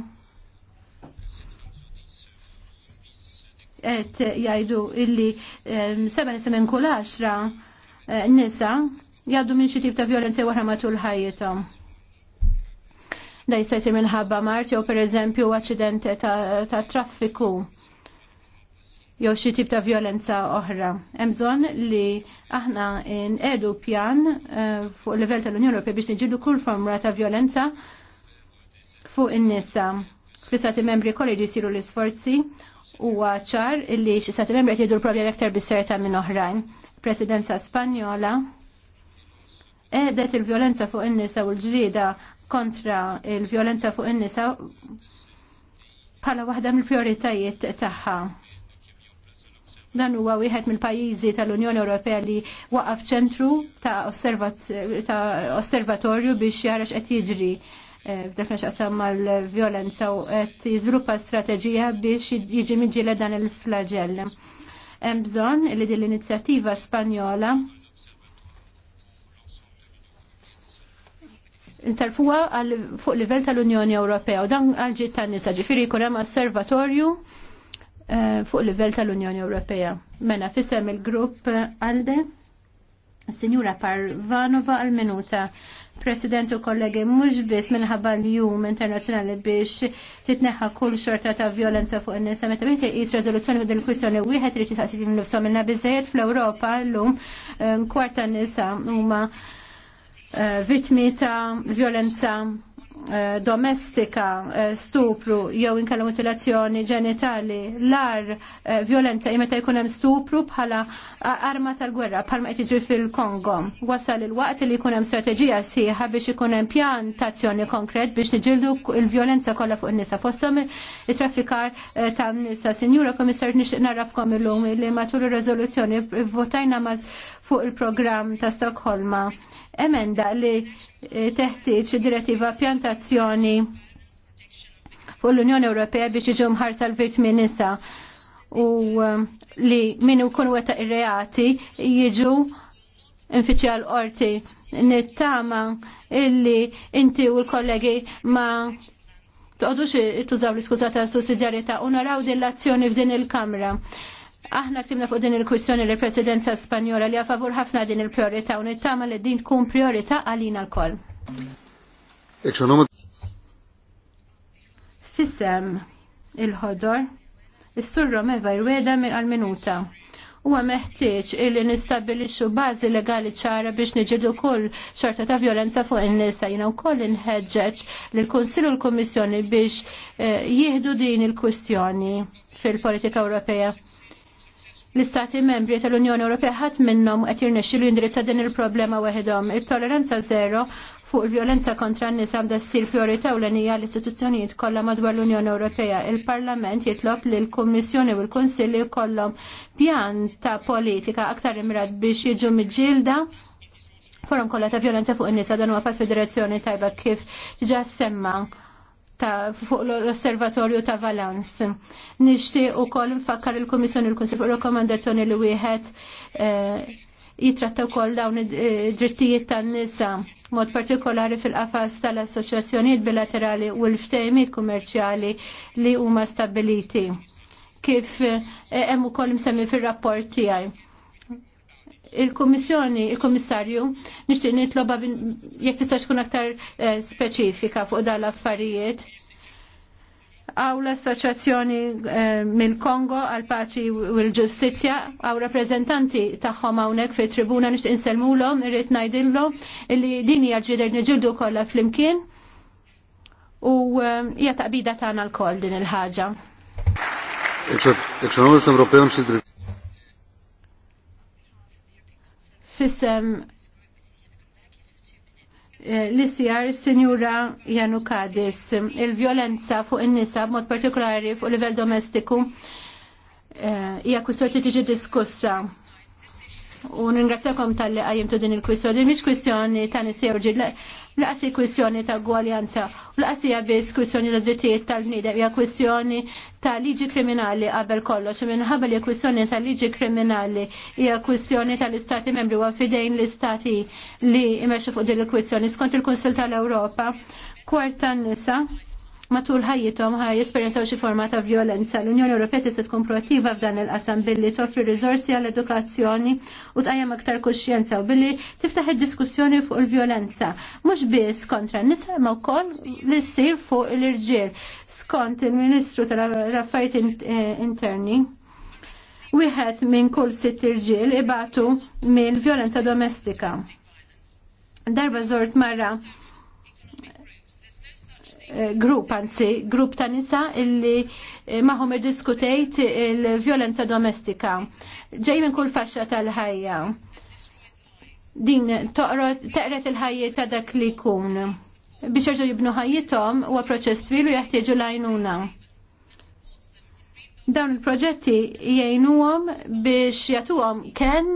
Qed jgħidu illi ehm, seba' nisa minn kull għaxra eh, nisa jaddu minn xi tip ta' violenza wara matul ħajjithom da jista' jsir minħabba mart jew pereżempju eżempju, ta', ta traffiku jew xi tip ta' violenza oħra. Hemm bżonn li aħna nqedu pjan fuq eh, fuq livell tal-Unjoni Ewropea biex niġidu kull forma ta' violenza fuq in-nisa. Fl-istati membri kolli jisiru l-isforzi huwa ċar li xi stati membri qed jgħidu l l aktar bis-serta minn oħrajn. Presidenza Spanjola edet il-violenza fuq in-nisa u l-ġrida kontra il-violenza fuq in-nisa bħala waħda mill-prioritajiet tagħha. Dan huwa wieħed mill-pajjiżi tal-Unjoni Ewropea li waqaf ċentru ta' osservatorju biex jara x'qed jiġri eh, f'dak xaqsam mal-violenza u qed jiżviluppa strateġija biex jiġi miġġiela dan il-flagell. Hemm bżonn li din l-inizjattiva Spanjola nsarfuha fuq livell tal-Unjoni Ewropea u dan għal ġiet tan-nisa ġifieri jkun hemm osservatorju Eh, fuq livell tal-Unjoni Ewropea. Mela fisem il-grupp għalde, Signora Parvanova għal-minuta. President u kollegi, mux biss minħabba l-jum internazjonali biex titneħħa kull xorta ta' violenza fuq n-nisa, meta bħiet qis rezoluzzjoni fuq din kwistjoni wieħed li titaqsi nifsom minna bizzejiet fl-Ewropa l-lum eh, kwarta nisa huma eh, vitmi ta' violenza Eh, domestika, eh, stupru jew inkella mutilazzjoni ġenitali, lar eh, violenza meta jkun hemm stupru bħala arma tal-gwerra bħalma qed jiġri fil-Kongo. Wasal il-waqt li jkun hemm strateġija sieħa biex ikun hemm pjan ta' azzjoni konkret biex niġildu il-violenza kollha fuq in-nisa fosthom it-traffikar ta' nisa. Sinjura Komissar nixtieq narafkom illum li matul ir-reżoluzzjoni votajna mal fuq il-programm ta' Stokholma emenda li eh, teħtieġ direttiva pjantazzjoni fuq l-Unjoni Ewropea biex iġu mħarsa l-vittmi nisa u eh, li min ikun weta ir-reati jiġu infiċjal qorti nittama illi inti u l-kollegi ma toqgħodux tużaw l iskuzata sussidjarjetà u naraw din l-azzjoni f'din il-Kamra. Aħna krimna fuq din il-kwissjoni li presidenza Spanjola li għafavur ħafna din il priorita u nittama li din tkun priorità għalina l-koll. Fissem il-ħodor, il-sur Romeva jirweda minn għal-minuta. U meħtieġ illi nistabilixxu bażi legali ċara biex niġidu kull xorta ta' violenza fuq in-nisa jiena wkoll inħeġġeġ lil kunsill u l-Kummissjoni biex eh, jieħdu din il-kwistjoni fil-politika Ewropea l-istati membri tal-Unjoni Ewropea ħadd minnhom qed jirnexxielu jindirizza din il-problema waħedhom. Il-toleranza żero fuq il-vjolenza kontra n-nies għandha ssir priorità u l l-istituzzjonijiet kollha madwar l-Unjoni Ewropea. Il-Parlament jitlob li l-Kummissjoni u l-Kunsill jkollhom pjan ta' politika aktar imrad biex jiġu miġilda forum kollha ta' vjolenza fuq in-nisa dan huwa pass fid-direzzjoni tajba kif ġa semma ta' fuq l-Osservatorju ta' Valans. Nixtieq ukoll nfakkar il-Kummissjoni l-Kunsil fuq rekomendazzjoni li wieħed eh, jitratta wkoll dawn id-drittijiet eh, tan-nisa mod partikolari fil-qafas tal-assoċjazzjonijiet bilaterali u l ftejmijiet kummerċjali li huma stabiliti kif eh, hemm ukoll msemmi fir-rapport tiegħi Il-Kummissjoni, il-Kummissarju, nixtieq nitloba jekk tista' tkun aktar eh, speċifika fuq dal l-affarijiet. Għaw l-Assoċjazzjoni eh, mill-Kongo għal paċi u l-Ġustizzja, għaw rappreżentanti tagħhom hawnhekk fit-tribuna nixtieq insellmulhom, irrid ngħidilhom illi din hija ġider niġildu kollha flimkien u eh, hija taqbida tagħna l din il-ħaġa. fissem eh, l-isjar Sinjura Janukadis. Il-violenza fuq in-nisa mod partikolari fuq livell domestiku eh, hija kwistjoni li tiġi diskussa. U ningrazzjakom tal-li għajimtu din il-kwistjoni. Mhix kwistjoni ta' nisjew ġilla laqsi kwistjoni ta' gwaljanza u laqsija biss kwistjoni ta' drittijiet tal nida hija kwistjoni ta' liġi kriminali qabel kollox u minħabba li kwistjoni ta' liġi kriminali hija kwistjoni tal-istati membri u fidejn l-istati li jmexxu fuq din il-kwistjoni skont il-Kunsil tal-Ewropa kwarta nisa matul ħajjithom ħaj jesperjenzaw xi forma ta' violenza. L-Unjoni Ewropea tista' tkun proattiva f'dan il-qasam billi toffri riżorsi għall-edukazzjoni u tqajjem aktar kuxjenza u billi tiftaħ id-diskussjoni fuq il-vjolenza. Mhux biss kontra n-nisa ma wkoll li ssir fuq l-irġiel. Skont il-Ministru tal-Affarijiet eh, Interni, wieħed minn kull sitt irġiel ibatu mill-vjolenza domestika. Darba żort marra eh, grupp, anzi, grupp ta' nisa illi eh, maħom diskutejt il-violenza domestika ġej minn kull faxxa tal-ħajja. Din teqret il-ħajja ta' dak li jkun. Biex jerġgħu jibnu ħajjithom huwa proċess twil u jeħtieġu lajnuna. Dawn il-proġetti jgħinuhom biex jagħtuhom ken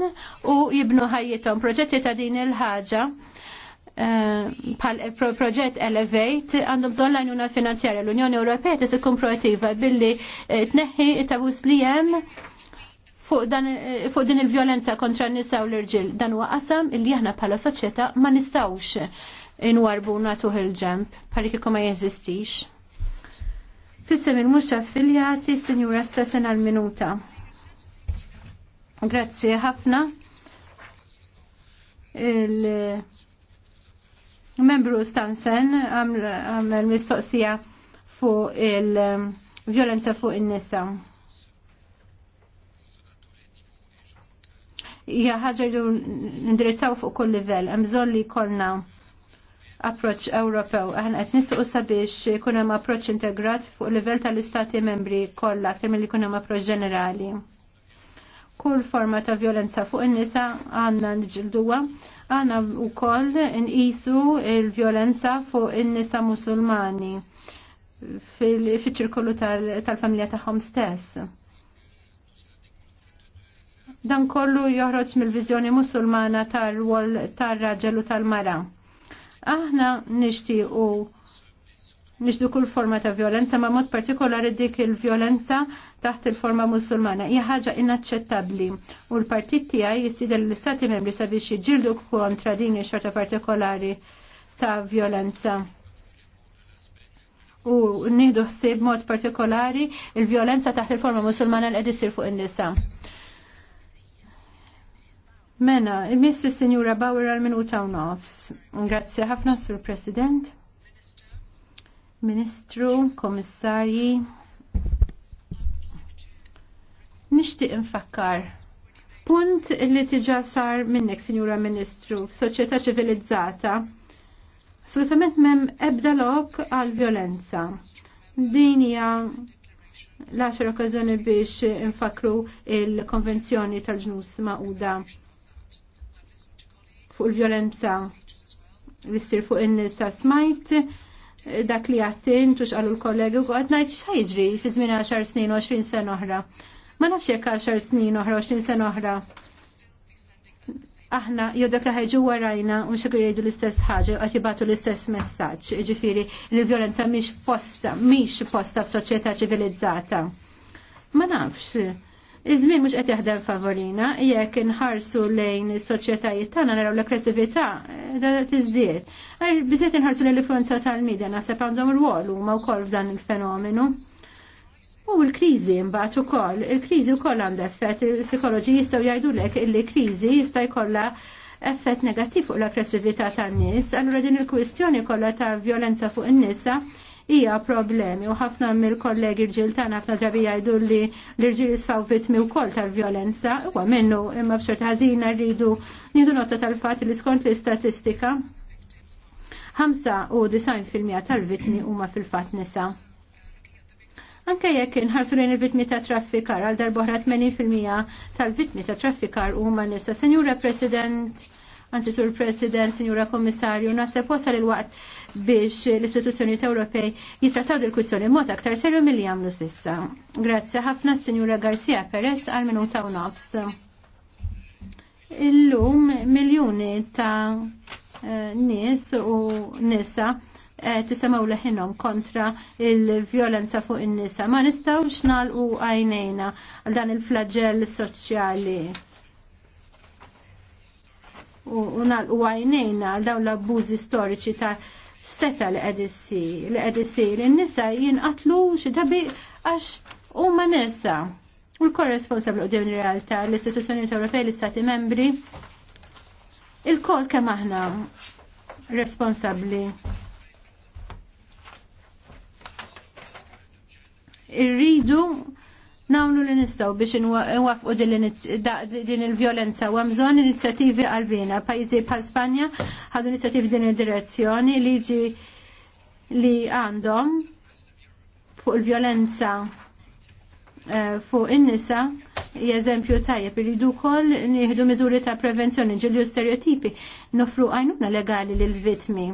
u jibnu ħajjithom. Proġetti ta' din il-ħaġa eh, Bħal proġett Elevate għandhom bżonn lajnuna finanzjarja. L-Unjoni Ewropea tista' tkun proattiva billi eh, tneħħi it-tabus li hemm fuq, fuq din il-vjolenza kontra n-nisa u l-irġil. Dan huwa qasam li aħna bħala soċjetà ma nistawx inwarbu nagħtu il-ġemp bħalik ikku ma jeżistix. Fissem il-mux affiljati, Sinjura Stasen għal-Minuta. Grazzi ħafna. Il-membru Stansen għamel mistoqsija fuq il-vjolenza fuq in-nisa. il vjolenza fuq nisa hija ħaġa li nindirizzaw fuq kull livell, hemm bżonn li jkollna approċċ Ewropew. Aħna qed nisqu sabiex jkun hemm approċċ integrat fuq livell tal-istati membri kollha aktar milli jkun hemm approċċ ġenerali. Kull forma ta' violenza fuq in-nisa għandna nġilduha, għandna wkoll nqisu l-violenza fuq in-nisa Musulmani fil-ċirkolu tal-familja tagħhom stess Dan kollu joħroġ mill-viżjoni musulmana tal-wol tar-raġel u tal-mara. Aħna nixtiequ nixdu kull forma ta' violenza, ma' mod partikolari dik il-violenza taħt il-forma musulmana. Hija ħaġa inaċċettabbli u l-partit tiegħi jistidel l-istati membri sabiex jiġġieldu kontra din xorta partikolari ta' violenza. U nieħdu ħsieb mod partikolari il-violenza taħt il-forma musulmana l qed fuq in-nisa. Mena, il-Missi Signora Bauer għal-minuta u nofs. Grazie ħafna, Sur President, Ministru, Komissarji. Nishtiq infakkar punt li tiġa sar minnek, Signora Ministru, f'soċjetà ċivilizzata. Assolutament mem ebda lok għal-violenza. Din hija l-għaxar okkażjoni biex infakru il-konvenzjoni tal-ġnus ma' fuq il-violenza li s-sir fuq in-nisa smajt dak li għattin tux għallu l-kollegi u għad najt xħajġri fi zmin 10 snin u 20 sen oħra. Ma nafx jekk 10 snin oħra 20 sen oħra. Aħna jodak li ħajġu warajna u xekri jgħidu l-istess ħaġa għat jibatu l-istess messaġġ, ġifiri l-violenza miex posta, miex posta f'soċjetà ċivilizzata. Ma nafx Iżmin żmien mhux qed jaħdem favorina jekk inħarsu lejn is-soċjetajiet tagħna naraw l-aggressività tiżdied. Bizet inħarsu lejn l-influenza tal-medja naħseb għandhom rwol huma wkoll f'dan il-fenomenu. U l-kriżi mbagħad ukoll, il-kriżi wkoll għandha effett, il-psikoloġi jistgħu jgħidulek li kriżi jista' jkollha effett negattiv fuq l-aggressività tan-nies, allura din il-kwistjoni kollha ta' violenza fuq in-nisa hija problemi u ħafna mill-kollegi rġil tagħna ħafna drabi jgħidu li l-irġiel isfaw vittmi wkoll tal-vjolenza huwa minnu imma f'xorta ħażina rridu nieħdu nota tal-fatt li skont l-istatistika 95% tal-vittmi huma fil-fatt nisa. Anke jekk inħarsu lejn il-vitmi ta' traffikar għal darbohra 80% tal-vitmi ta' traffikar huma nisa. Senjura President, anzi Sur President, Senjura Kommissarju, naħseb wasal il-waqt biex l-istituzzjonijiet Ewropej jitrattaw il kwistjoni mod aktar serju milli jagħmlu sissa. Grazzi ħafna s Sinjura Garcia Perez għal minuta u nofs. Illum miljuni ta' eh, nies u nisa eh, tisamaw leħinom kontra il-violenza fuq in-nisa. Ma nistawx u għajnejna għal dan il-flagell soċjali. U nalqu għajnejna għal dawn l-abbużi storiċi ta' seta li qed li in-nisa jinqatlu xi drabi għax huma nisa. U l-korresponsabli qudiem ir-realtà l-istituzzjonijiet Ewropej l-Istati Membri il-kol kemm aħna responsabbli irridu Nawnu li nistaw biex nwafqu din il-violenza u għamżon inizjativi għalbina. Pajzi bħal Spanja ħadu inizjativi din il-direzzjoni li ġi li għandhom fuq il-violenza eh, fuq in-nisa jeżempju tajjeb irridu wkoll nieħdu miżuri ta' prevenzjoni ġilju stereotipi nofru għajnuna legali lil vitmi.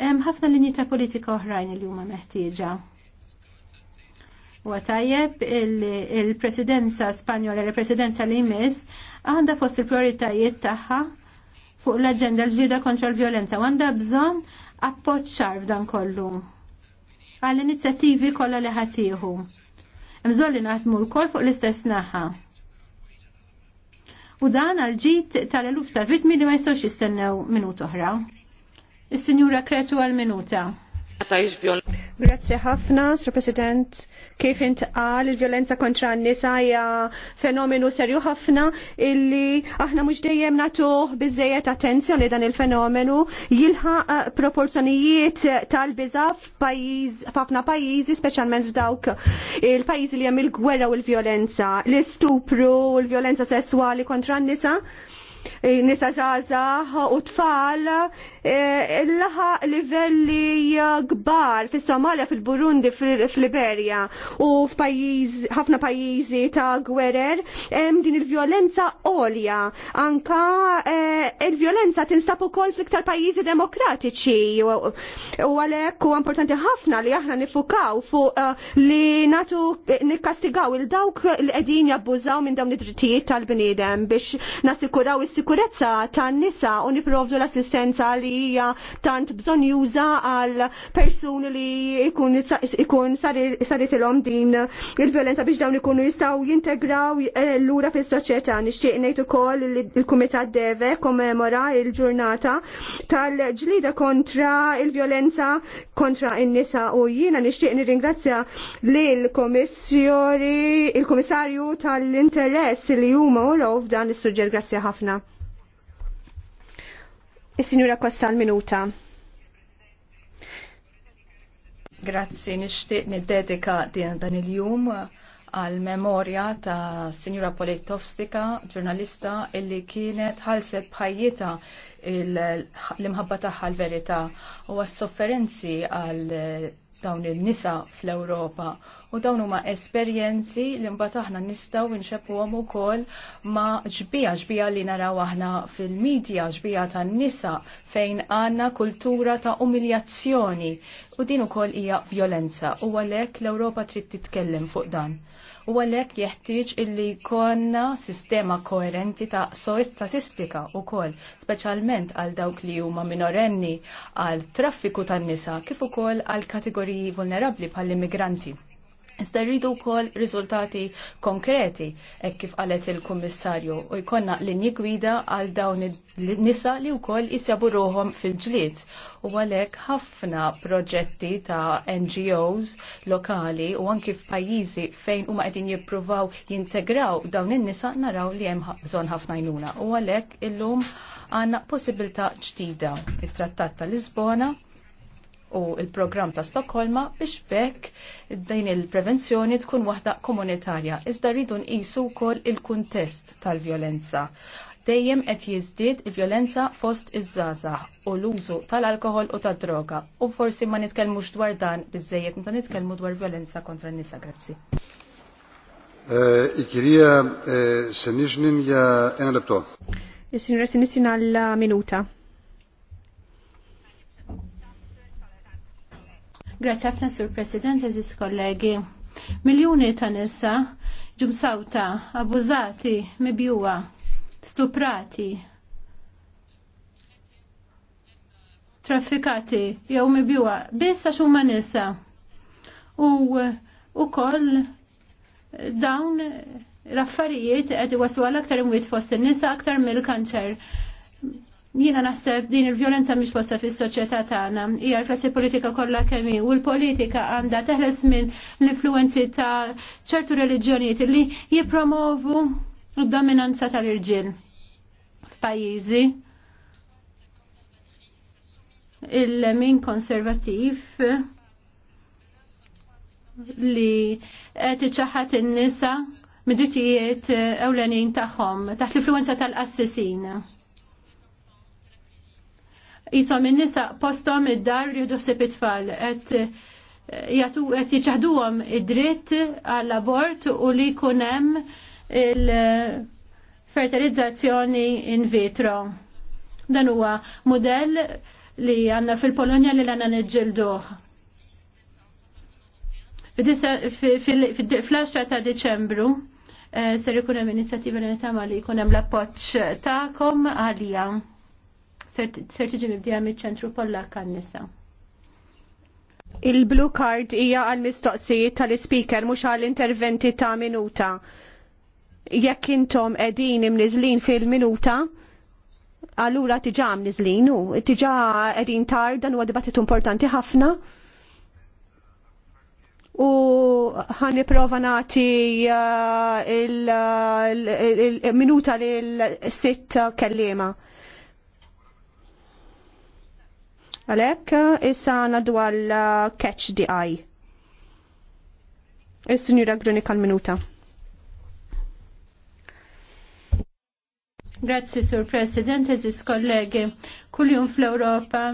Hemm ħafna linji ta' politika oħrajn li huma meħtieġa. U għatajjeb il-presidenza spanjola, il-presidenza li jmiss, għanda fost il-prioritajiet taħħa fuq l-agenda l-ġida kontra l-violenza. Għanda bżon appoċ ċarf dan kollu. Għall-inizjattivi kollha li Mżon Mżolli naħdmu l-koll fuq l-istess naħa. U dan għal-ġit tal-eluf ta' vitmi li ma jistawx jistennew minut oħra. Is-Sinjura Kretu għal-minuta. Grazie ħafna, Sir President Kif intqal il-violenza kontra n-nisa hija fenomenu serju ħafna illi aħna mhux dejjem nagħtuh biżejjed attenzjoni dan il-fenomenu jilħaq proporzjonijiet tal-biża f'pajjiż f'ħafna pajjiżi speċjalment f'dawk il-pajjiżi li hemm il-gwerra u l-vjolenza, l-istupru u l-vjolenza sesswali kontra n-nisa nisa zaza u tfal Eh, laħa livelli kbar eh, fis somalia fil-Burundi, fil-Liberia u ħafna pajjiżi ta' gwerer din il-violenza olja. Anka eh, il-violenza tinstab ukoll fl-iktar pajjiżi demokratiċi u għalhekk huwa importanti ħafna li aħna nifukaw fuq li natu nikastigaw il-dawk l qegħdin jabbużaw minn dawn id-drittijiet tal-bniedem biex nassikuraw is-sikurezza tan-nisa u niprovdu l-assistenza li hija tant juża għal persuni li ikun il-om din il-violenza biex dawn ikunu jistgħu jintegraw eh, lura fis-soċjetà. Nixtieq ngħid ukoll li l-Kumitat Deve kommemora il-ġurnata tal-ġlida kontra il-violenza kontra in-nisa u jiena nixtieq nirringrazzja lil komissjoni il-Komissarju tal-interess li huma u f'dan is-suġġett. Grazzi ħafna. Is-Sinjura Kosta l-Minuta. Grazzi, nixtieq niddedika dan il-jum għal memorja ta' Sinjura Politovstika, ġurnalista illi kienet ħalset bħajjita l-imħabba tagħha l-verità u għas-sofferenzi għal dawn il-nisa fl-Ewropa u dawn huma esperjenzi li mbagħad aħna nistgħu nxepuhom ukoll ma' ġbija ġbija li naraw aħna fil-medja ġbija tan-nisa fejn għandna kultura ta' umiljazzjoni u din ukoll hija violenza u għalhekk l-Ewropa trid titkellem fuq dan. U għalhekk jeħtieġ illi jkollna sistema koerenti ta' statistika wkoll, speċjalment għal dawk li huma minorenni għal traffiku tan-nisa kif ukoll għal kategoriji vulnerabbli bħall-immigranti. Iżda rridu wkoll riżultati konkreti, e kif qalet il-Kummissarju, u jkollna linji gwida għal dawn nisa li wkoll jisjabu ruhom fil-ġlied. U għalhekk ħafna proġetti ta' NGOs lokali u anki f'pajjiżi fejn huma qegħdin jippruvaw jintegraw dawn in-nisa naraw li hemm bżonn ħafna jnuna. U għalhekk illum għandna possibilità ġdida. il trattat tal Lisbona u il-programm ta' Stokholma biex bekk din il-prevenzjoni tkun waħda komunitarja. Iżda rridu nqisu wkoll il-kuntest tal-vjolenza. Dejjem qed jiżdied il-vjolenza fost iż żaża u l-użu tal-alkohol u tad-droga. U forsi ma nitkellmux dwar dan biżejjed meta nitkellmu dwar vjolenza kontra n-nisa grazzi. Eh, Ikirija eh, Senixnin ja ena Is-sinjura Sinixnin għal minuta. Grazie ħafna sur President, eżis kollegi. Miljoni ta' nisa ġumsawta, abbużati, mibjuwa, stuprati, traffikati, jew mibjuwa, biss xumma huma nisa. U ukoll dawn l-affarijiet qed għal aktar imwiet fost in-nisa aktar mill-kanċer Jiena naħseb din il-vjolenza mhix posta fis-soċjetà tagħna. Hija l-klassi politika kollha kemm u l-politika għandha teħles minn l-influenzi ta' ċertu reliġjonijiet li jippromovu d-dominanza tal-irġiel f'pajjiżi il-min konservativ li qed iċaħħat in-nisa mid-drittijiet ewlenin tagħhom taħt l-influenza tal-qassisin jisom il-nisa postom id-dar li jħdossi it-tfal. Eh, Jgħatu għet id-dritt għall-abort u li kunem il-fertilizzazzjoni in vitro. Dan huwa modell li għanna fil-Polonja li l-għanna nġilduħ. Fil-flasġa ta' Deċembru eh, ser ikun hemm inizjattiva li nitama li jkun hemm l-appoġġ tagħkom għalija ser tiġi mibdija mill-ċentru Pollak għan-nisa. Il-blue card hija għal mistoqsijiet tal-speaker mhux għal interventi ta' minuta. Jekk intom qegħdin imniżlin fil-minuta, allura tiġa mniżlin u tiġa qegħdin tard dan huwa dibattitu importanti ħafna. U ħani prova nagħti uh, il-minuta uh, lil sitt kelliema. Għalek, issa naddu għal uh, catch di għaj. Is-sinjura Grunika minuta Grazzi, Sur President, eżis kollegi. Kuljum fl-Europa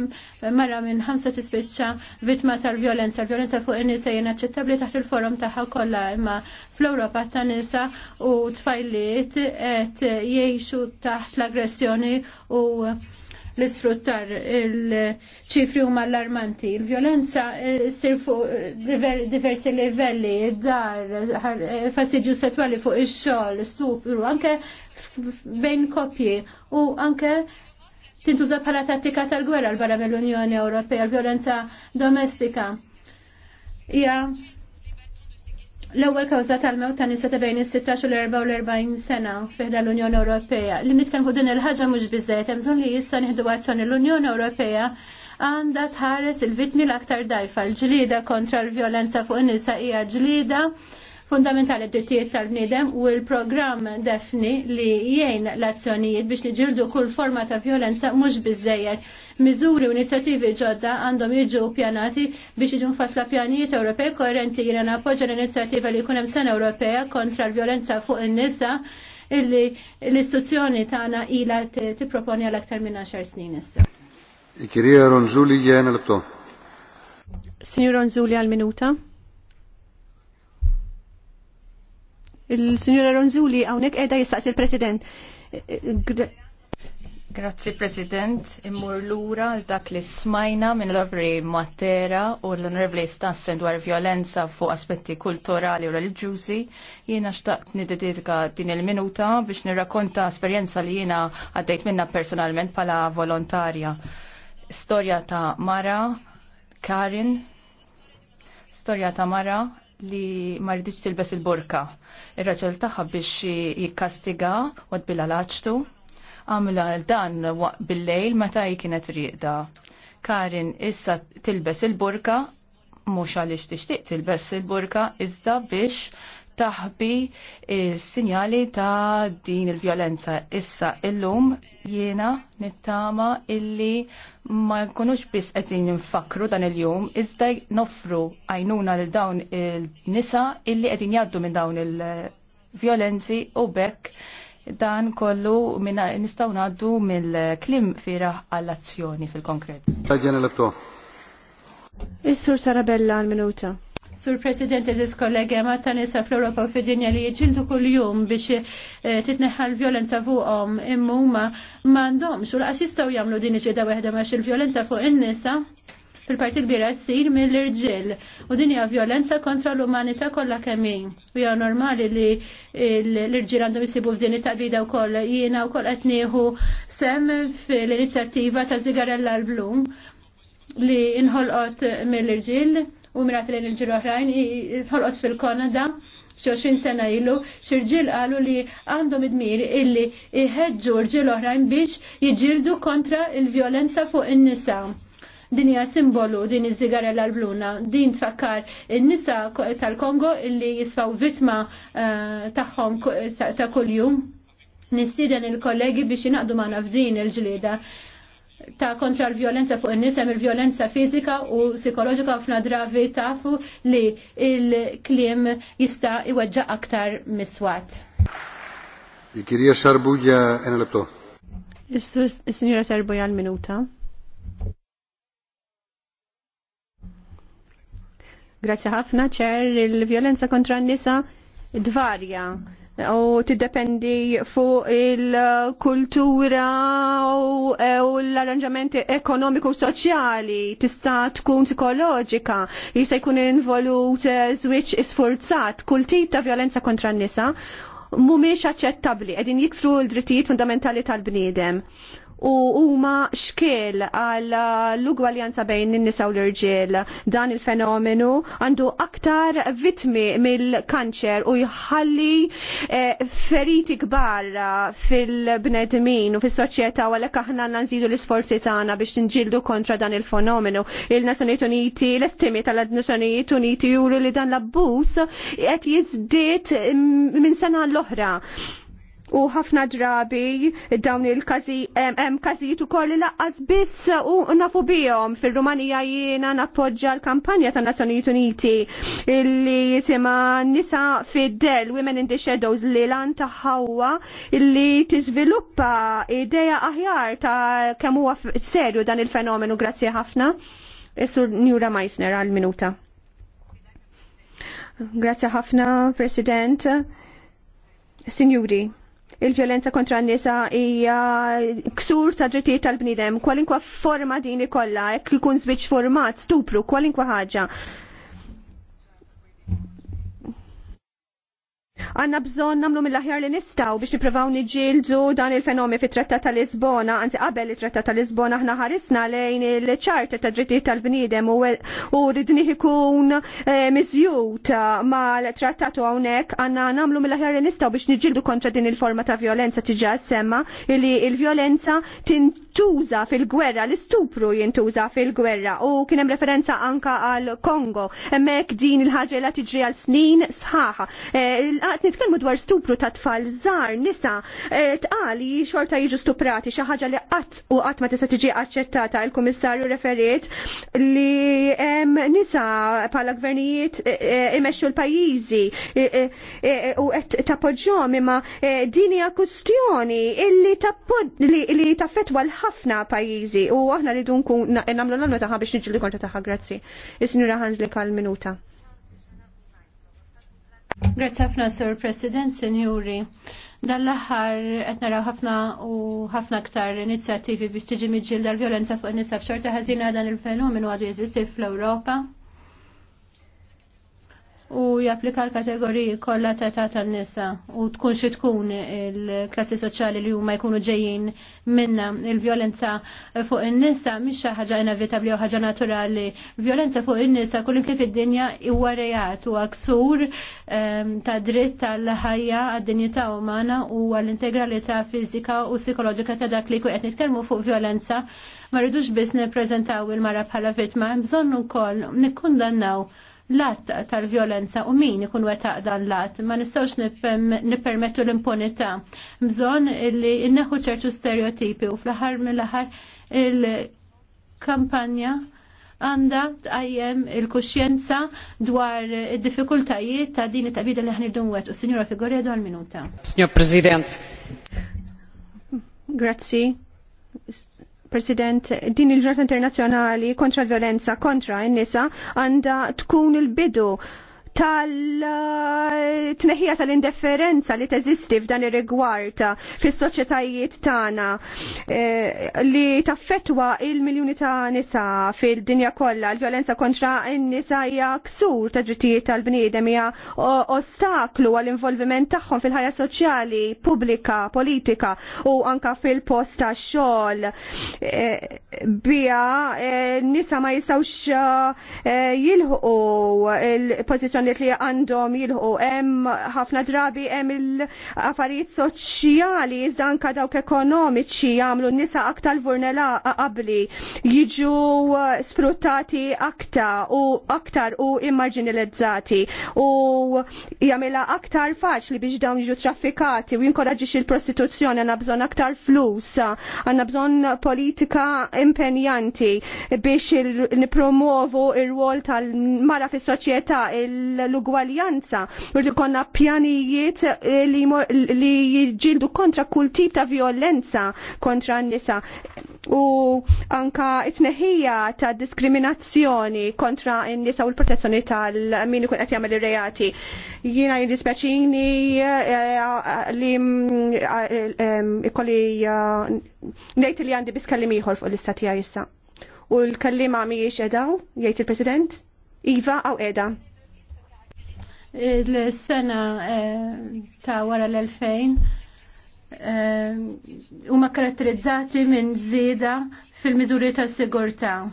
marra minn ħamsa tispiċċa vittma tal-violenza. Violenza fuq in-nisa inaċċettabbli taħt il-forum tagħha kollha, imma fl-Europa ta' nisa u tfajliet qed jgħixu taħt l-aggressjoni u l-isfruttar il-ċifri huma allarmanti. Il-violenza eh, sir fuq diversi livelli, id-dar, eh, fastidju sesswali fuq ix-xogħol, stupru, anke bejn kopji u anke tintuża bħala tattika tal-gwerra l-barra mill-Unjoni Ewropea, l-violenza domestika. Ja, L-ewwel kawża tal-mewt ta' nisa ta' bejn is-16 u l-44 sena fiħda l-Unjoni Ewropea. Li nitkellmu din il-ħaġa mhux biżejjed, hemm bżonn li issa nieħdu azzjoni l-Unjoni Ewropea għandha tħares il-vitmi l-aktar dajfa. L-ġlida kontra l-vjolenza fuq in-nisa hija ġlida fundamentali d-dirtijiet tal-bniedem u l-programm defni li jgħin l-azzjonijiet biex niġildu kull forma ta' vjolenza mhux biżejjed miżuri u inizjattivi ġodda għandhom jiġu pjanati biex jiġu fasla pjanijiet Ewropej koerenti jiena nappoġġa l-inizjattiva li jkun hemm sena Ewropea kontra l-vjolenza fuq in-nisa illi l-istituzzjoni tagħna ilha tipproponi għal aktar minn 10 snin issa. Kirija Ronżuli jena l Signor Ronżuli għal-minuta. Il-Signora Ronżuli għawnek edha jistaqsi il-President. Eh, eh, Grazzi President, immur lura għal dak li smajna minn l-Ovri Matera u l onorevli Stassen dwar violenza fuq aspetti kulturali u reliġjużi. Jiena xtaqt nidedika din il-minuta biex nirrakkonta esperjenza li jiena għaddejt minna personalment pala volontarja. Storja ta' Mara, Karin, storja ta' Mara li marridix tilbes il-burka. Ir-raġel taħħa biex jikkastiga u għadbila laċtu għamla dan bil-lejl meta kienet riqda. Karin issa tilbes il-burka, mhux għaliex tixtieq tilbes il-burka, iżda biex taħbi sinjali ta' din il-vjolenza. Issa illum jiena nittama illi ma jkunux biss għetin nfakru dan il-jum, iżda noffru għajnuna lil dawn il-nisa illi qegħdin jgħaddu minn dawn il violenzi u bekk dan kollu nistaw naddu mill-klim fira għall-azzjoni fil-konkret. Is-Sur Sarabella għal-minuta. Sur President, eżis kollegi, ma ta' nisa fl-Europa u fil dinja li jġildu kull-jum biex eh, titneħħa l-violenza fuqhom imma huma m'għandhomx xur laqas jistgħu jagħmlu din iġida weħda max il-violenza fuq in-nisa fil-parti kbira ssir mill-irġiel u din hija violenza kontra l-umanità kollha kemm hi. U hija normali li l-irġiel għandhom isibu f'din it-taqbida wkoll jiena wkoll qed nieħu sem fil-inizjattiva ta' Zigarella l-Blum li inħolqot mill-irġiel u mirat l irġil oħrajn inħolqot fil-Kanada xi sena ilu, xirġil qalu li għandhom id illi iħedġu rġil oħrajn biex jiġildu kontra il-vjolenza fuq in-nisa. Din hija simbolu din iż-żigarella l-bluna. Din tfakkar in-nisa tal-Kongo illi jisfaw vittma eh, tagħhom ta' kuljum. Nistieden il-kollegi biex jinaqdu ma' f'din il-ġlieda ta' kontra l-violenza fuq in-nisem il-violenza fizika u psikoloġika ħafna dravi tafu li il-kliem jista' iweġġa' aktar miswat. Kirija Sarbuja enelebto. Is-sinjura Sarbuja l-minuta. Grazzi ħafna ċer il-violenza kontra n-nisa dvarja u tiddependi fuq il-kultura u l-arranġamenti ekonomiku u soċjali tista' tkun psikoloġika jista' jkun involut eh, żwieġ isforzat kull tip ta' violenza kontra n-nisa mhumiex aċċettabbli qegħdin jiksru l-drittijiet fundamentali tal-bniedem u huma xkiel għal l-ugwaljanza bejn in-nisa u l-irġiel. Dan il-fenomenu għandu aktar vitmi mill-kanċer u jħalli eh, feriti kbar fil-bnedmin u fis-soċjetà u għalek aħna nżidu l-isforzi tagħna biex nġildu kontra dan il-fenomenu. Il-Nazzjonijiet Uniti, l-estimi tal-Nazzjonijiet Uniti juru li dan l abbus qed jiżdied minn sena l-oħra u ħafna drabi dawn il-kazi hemm każijiet ukoll li laqqas biss u nafu bihom fir-Rumanija jiena nappoġġa l-kampanja tan Nazzjonijiet Uniti illi jisimha nisa fid-del Women in the Shadows li lan taħħawa li tiżviluppa ideja aħjar ta' kemm huwa serju dan il-fenomenu grazzi ħafna. Isur Njura Meissner għal-minuta. Grazie ħafna, President. Signori il-violenza kontra n-nisa hija ksur ta' drittijiet tal-bnidem, kwalinkwa forma din ikolla, jekk ikun żwieġ format, stupru, kwalinkwa ħaġa. Għanna bżon namlu mill-aħjar li nistaw biex niprofaw niġildu dan il-fenomen fit trattat tal-Lisbona, anzi qabel il-trattat tal-Lisbona ħna ħarisna lejn il-ċarta ta' drittijiet tal-bniedem u ridni ikun eh, mizjut mal l-trattatu hawnhekk għandna namlu mill-aħjar li nistaw biex niġildu kontra din il-forma ta' violenza tiġa semma li il-violenza tintuża fil-gwerra, l-istupru jintuża fil-gwerra u kien hemm referenza anka għal Kongo. Hemmhekk din il-ħaġa li għal snin sħaħa. Eh, nitkellmu dwar stupru ta' tfal żgħar nisa eh, tqali xorta jiġu stuprati xi ħaġa li qatt u qatt ma tista' tiġi aċċettata il-Kummissarju referiet li nisa bħala gvernijiet eh, eh, imexxu l-pajjiżi u qed tappoġġhom imma din hija kustjoni illi li taffetwa l-ħafna pajjiżi u aħna rridu nkun nagħmlu l-għalma taħħa biex niġġieldu kontra taħħa grazzi. Is-Sinjura Hans li kal minuta. Grazie ħafna, Sir President, Senjuri. Dan l-aħħar qed naraw ħafna u ħafna aktar inizjattivi biex tiġi miġġielda dal-violenza fuq nisa f'xorta ħażina dan il-fenomenu għadu jeżisti fl-Ewropa u japplika l-kategoriji kollha ta' ta' tan-nisa u tkun xi tkun il-klassi soċjali li huma jkunu ġejjin minna il-vjolenza fuq in-nisa mhix xi ħaġa inevitabbli u ħaġa naturali. Vjolenza fuq in-nisa kull kif id-dinja huwa rejat u aksur ehm, ta' dritt tal-ħajja għad-dinjità umana u għall-integralità fiżika u psikoloġika ta' dak li qed nitkellmu fuq violenza ma rridux biss nippreżentaw il-mara bħala vittma, bżonn ukoll nikkundannaw L-att tal-violenza u min ikun wetaq dan l-att. Ma nistawx nipermettu l-impunità. Bżon li inneħu ċertu stereotipi u fl-ħar mill-ħar il-kampanja għanda tqajjem il-kuxjenza dwar id-diffikultajiet ta' din it-taqbida li ħnirdun wet u Sinjora Figoredo għal-minuta. Signor President. Grazie. President, din il-ġurnata internazzjonali kontra l-violenza kontra n-nisa għanda tkun il-bidu tal-tneħija tal-indifferenza li teżisti f'dan ir-rigward fis-soċjetajiet tagħna eh, li taffetwa il-miljuni ta' nisa fil-dinja kollha. L-vjolenza kontra n-nisa hija ksur ta' drittijiet tal-bniedem hija ostaklu għall-involviment tagħhom fil-ħajja soċjali, pubblika, politika u anka fil-post tax-xogħol. Eh, Bija eh, nisa ma jistgħux jilħqu il-pożizzjoni kwistjoniet li għandhom jilħu hemm ħafna drabi hemm il-affarijiet soċjali iżda anke dawk ekonomiċi jagħmlu n-nisa aktar vulnerabbli jiġu uh, sfruttati aktar u aktar u immarġinalizzati u jagħmilha aktar faċli biex dawn jiġu traffikati u jinkoraġġix il-prostituzzjoni għandna bżonn aktar flus, għandna bżonn politika impenjanti biex nippromovu ir-rwol tal-mara fis-soċjetà il l-ugwaljanza. Rridu konna pjanijiet eh, li jġildu kontra kull tip ta' violenza kontra n-nisa u anka it-neħija ta' diskriminazzjoni kontra n-nisa u l-protezzjoni tal-min ikun qed jagħmel ir-reati. Jiena jiddispjaċini eh, li eh, ikolli ngħid li għandi biskallim ieħor fuq l-istatija issa. U l-kallima mhijiex edaw, jgħid il-President, Iva għaw edha l sena eh, ta' wara l-2000 eh, huma karatterizzati minn żieda fil-miżuri tas-sigurtà.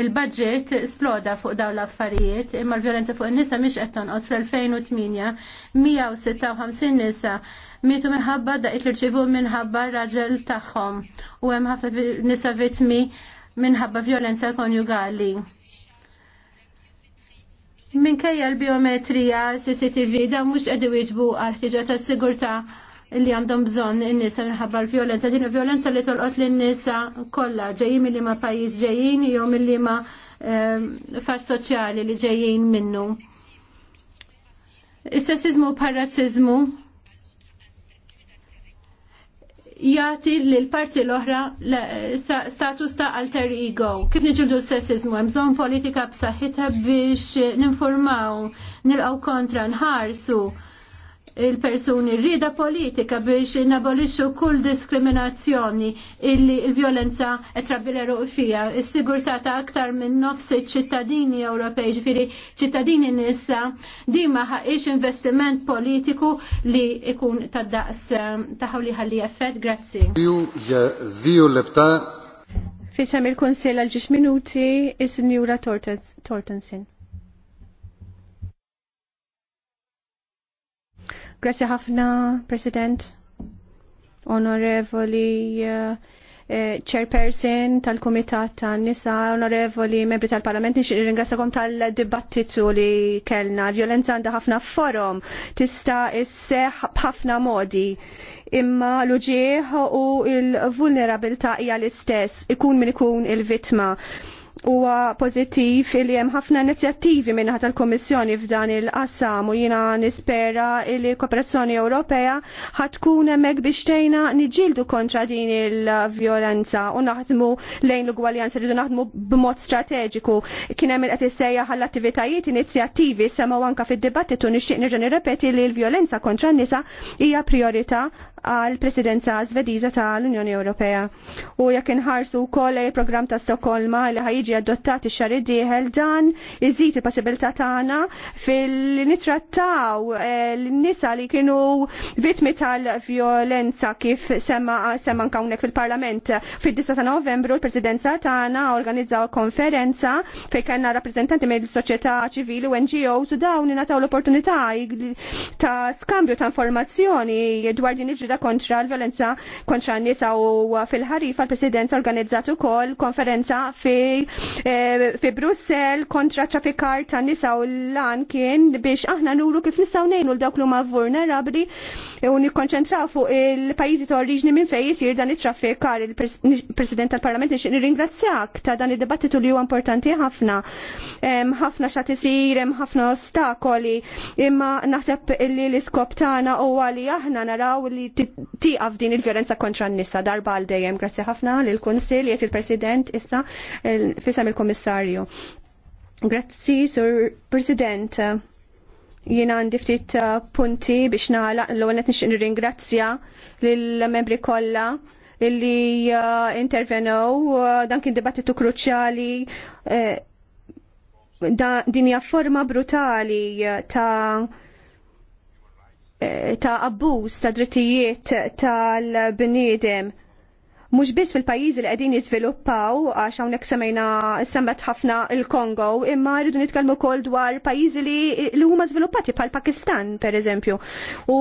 Il-budget sploda fuq dawn l-affarijiet imma l-violenza fuq in-nisa mhix qed tonqos fl-2008 156 nisa mietu minħabba daqit l-irċivu minħabba raġel tagħhom u hemm ħafna nisa vitmi minħabba violenza konjugali. Minkejja l-biometrija, CCTV, dan mhux għedi jiġbu għal ħtiġa tas sigurtà li għandhom bżonn in-nisa minħabba l-vjolenza. Din il-vjolenza li tolqot lin-nisa kollha ġejjin milli ma pajjiż ġejjin jew milli ma ehm, faċ soċjali li ġejjin minnu. Is-sessizmu u parazzizmu Jati l parti l-oħra status ta' alter ego. Kif niġildu s-sessizmu, hemm bżonn politika b'saħħitha biex ninformaw, nilqgħu kontra, nħarsu il-persuni rida politika biex inabolixxu kull diskriminazzjoni illi il-violenza trabileru fija. Is-sigurtà ta' aktar minn nofs ċittadini Ewropej, ġifiri ċittadini nisa, dima ħaqix investiment politiku li ikun ta' daqs taħaw li ħalli effett. Grazzi. Fisem il-Konsell għal ġiex minuti is-Sinjura Tortensen. Grazie ħafna, President, onorevoli eh, eh, chairperson tal-Komitat tan-Nisa, onorevoli membri tal-Parlament, nirringrazzakom tal-dibattitu li kellna. Violenza għandha ħafna forum, tista' isseħ b'ħafna modi. Imma l-uġieħ u l vulnerabilità hija l-istess, ikun min ikun il-vitma. il vittma huwa pożittiv li hemm ħafna inizjattivi minn tal-Kummissjoni f'dan il-qassam u jiena nispera li l-Kooperazzjoni Ewropea ħad tkun hemmhekk biex tgħinna niġġieldu kontra din il-vjolenza u naħdmu lejn l-ugwaljanza rridu naħdmu b'mod strateġiku. Kien hemm qed issejjaħ għall-attivitajiet inizjattivi semgħu anke fid-dibattitu nixtieq nirġa' nirrepeti li l-vjolenza kontra n-nisa hija priorità għal presidenza svediża tal-Unjoni Ewropea. U jekk inħarsu wkoll il-programm ta' Stokolma li ħajġi adottat ix-xahar id-dieħel dan iżid il-possibilità tagħna fil-nitrattaw eh, l-nisa li kienu vittmi tal-vjolenza kif semma semma hawnhekk fil-Parlament. Fid-9 ta' Novembru l-Presidenza tagħna organizzaw konferenza fejn kellna rappreżentanti mill-soċjetà ċivili u NGOs u dawn ingħataw l-opportunità ta' skambju ta' informazzjoni dwar din il ġlida kontra l-violenza kontra n-nisa u fil-ħarifa l-presidenza organizzat ukoll konferenza fi, e, fi Brussel kontra traffikar ta' nisa u l-lan kien biex aħna nuru kif nistaw nejnu l-dawk l-huma vulnerabli u nikkonċentraw fuq il-pajjiżi ta' oriġni minn fejn jir dan it-traffikar il-President tal-Parlament nixtieq nirringrazzjak ta' dan id-dibattitu li huwa importanti ħafna. Ħafna xa tisir, ħafna ostakoli, imma naħseb li l-iskop tagħna u għali aħna naraw li tiqaf din il-violenza kontra n-nisa darba għal dejjem. Grazzi ħafna lil konsil jiet il-President issa fisem il-Komissarju. Grazzi, Sur President. Jina għandi ftit uh, punti biex naħla l-għonet nix ringrazzja lill-membri kollha illi uh, intervenu uh, dan kien dibattitu kruċjali dinja forma brutali ta' Eh, ta' abbuż ta' drittijiet tal-bniedem mhux biss fil-pajjiżi li qegħdin jiżviluppaw għax hawnhekk semmejna semmet ħafna il-Kongo, imma rridu nitkellmu wkoll dwar pajjiżi li li huma żviluppati bħal Pakistan pereżempju. U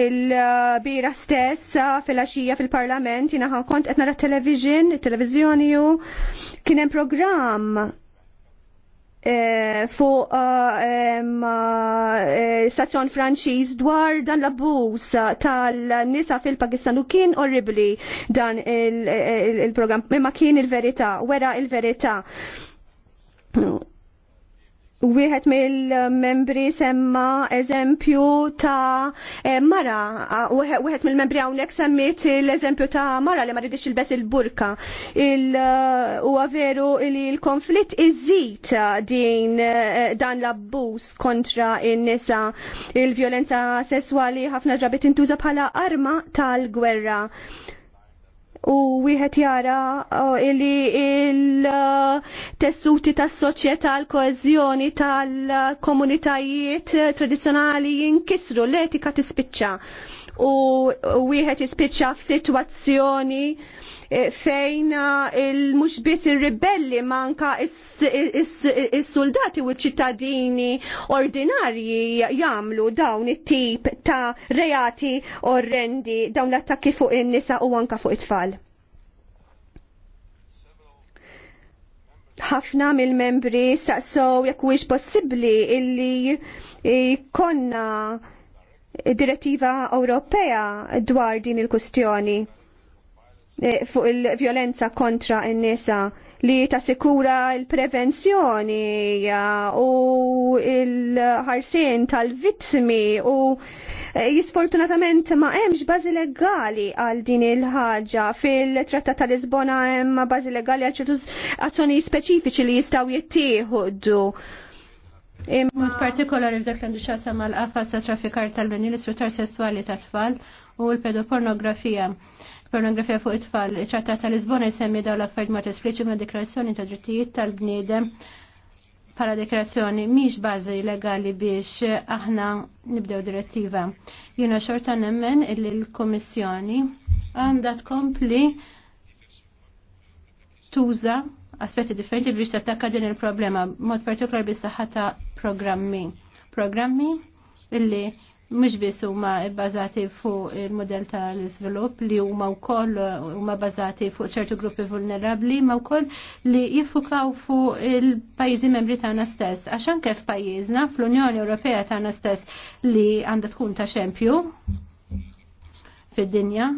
l-bira stess fil-għaxija fil-Parlament jiena kont qed nara t television, televiżjoni kien hemm programm fuq uh, uh, eh, stazzjon Franċiż dwar dan l-abbuż tal-nisa fil-Pakistan u kien orribli dan il-programm imma kien il-verità, wera il-verità. Wieħed mill-membri semma eżempju ta' eh, mara, wieħed mill-membri hawnhekk semmiet l-eżempju ta' mara li ma ridix ilbes il-burka. Eh, huwa veru li l-konflitt iżid din eh, dan l-abbuż kontra in-nisa. Il-vjolenza sesswali ħafna drabi intuża bħala arma tal-gwerra u wieħed jara li il-tessuti tas-soċjetà l-koeżjoni tal-komunitajiet tradizzjonali jinkisru l-etika tispiċċa u wieħed jispiċċa f'sitwazzjoni Eh, fejn eh, il-mux ir il-ribelli manka is soldati u ċittadini ordinarji jamlu dawn it-tip ta' reati orrendi dawn l-attakki fuq in-nisa u anka fuq it-tfal. ħafna mill-membri staqsow jekk huwiex possibbli illi konna direttiva Ewropea dwar din il-kustjoni. Eh, fuq il-violenza kontra n-nisa li ta' sikura il-prevenzjoni u il-ħarsien tal-vittmi u eh, jisfortunatament ma' hemmx bażi legali għal din il-ħaġa fil tratta tal-Lisbona hemm bażi legali għal ċertu azzjoni speċifiċi li jistgħu jittieħdu. Mod partikolari f'dak l-għandu xasam mal qafas ta' traffikar tal-bini l-istruttar sessuali ta' tfal u l-pedopornografija pornografija fuq it-tfal. ċarta tal-Lisbona jsemmi daw l-affarijiet ma tespliċi ma' dikrazzjoni ta' drittijiet tal-bniedem bħala deklarazzjoni miex bażi legali biex aħna nibdew direttiva. Jina xorta nemmen illi l-Komissjoni għandha tkompli tuża aspetti differenti biex tattakka din il-problema, mod partikolar bis saħħa ta' programmi. Programmi illi mhux biss huma bbażati fuq il-modell tal-iżvilupp li huma wkoll huma bbażati fuq ċertu gruppi vulnerabbli ma wkoll li jiffukaw fuq il-pajjiżi membri tagħna stess. Għax anke f'pajjiżna fl-Unjoni Ewropea tagħna stess li għandha tkun ta' xempju fid-dinja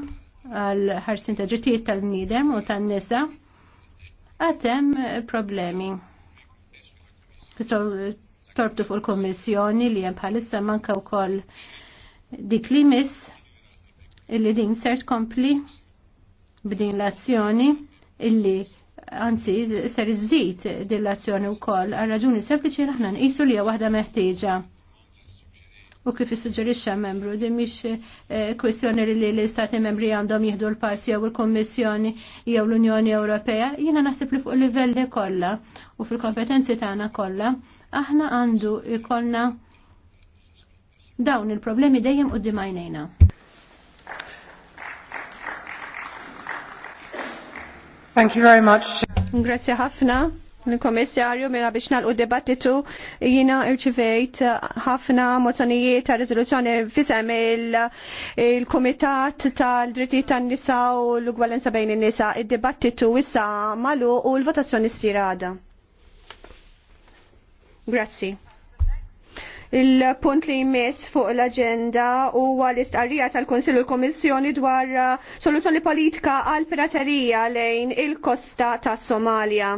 għal ħarsin ta' ġittijiet tal-bniedem u tan-nisa għatem problemi. So, torbtu fuq il-Kommissjoni li hemm bħalissa manka wkoll dik li miss illi din ser tkompli b'din l-azzjoni illi anzi ser iżid din l-azzjoni wkoll għal raġuni sempliċi aħna nqisu li hija waħda meħtieġa. U kif issuġġerixxa membru din mhix eh, kwestjoni li l-istati membri għandhom jieħdu l-pass jew il-Kummissjoni jew l-Unjoni Ewropea, jiena naħseb li fuq livelli kollha u fil-kompetenzi tagħna kollha aħna għandu ikolna dawn il-problemi dejjem u dimajnejna. Thank you very much. Grazie ħafna l-Komissarju mela biex nalqu debattitu jina irċivejt ħafna mozzjonijiet ta' riżoluzzjoni fisem il-Komitat tal-Dritti tan-Nisa u l-Ugwalenza bejn in-nisa. Id-dibattitu issa malu u l-votazzjoni s-sirada. Grazzi. Il-punt li jmiss fuq l-agenda huwa l-istqarrija tal-Konsil u l-Komissjoni dwar uh, soluzzjoni politika għal piraterija lejn il-kosta ta' Somalia.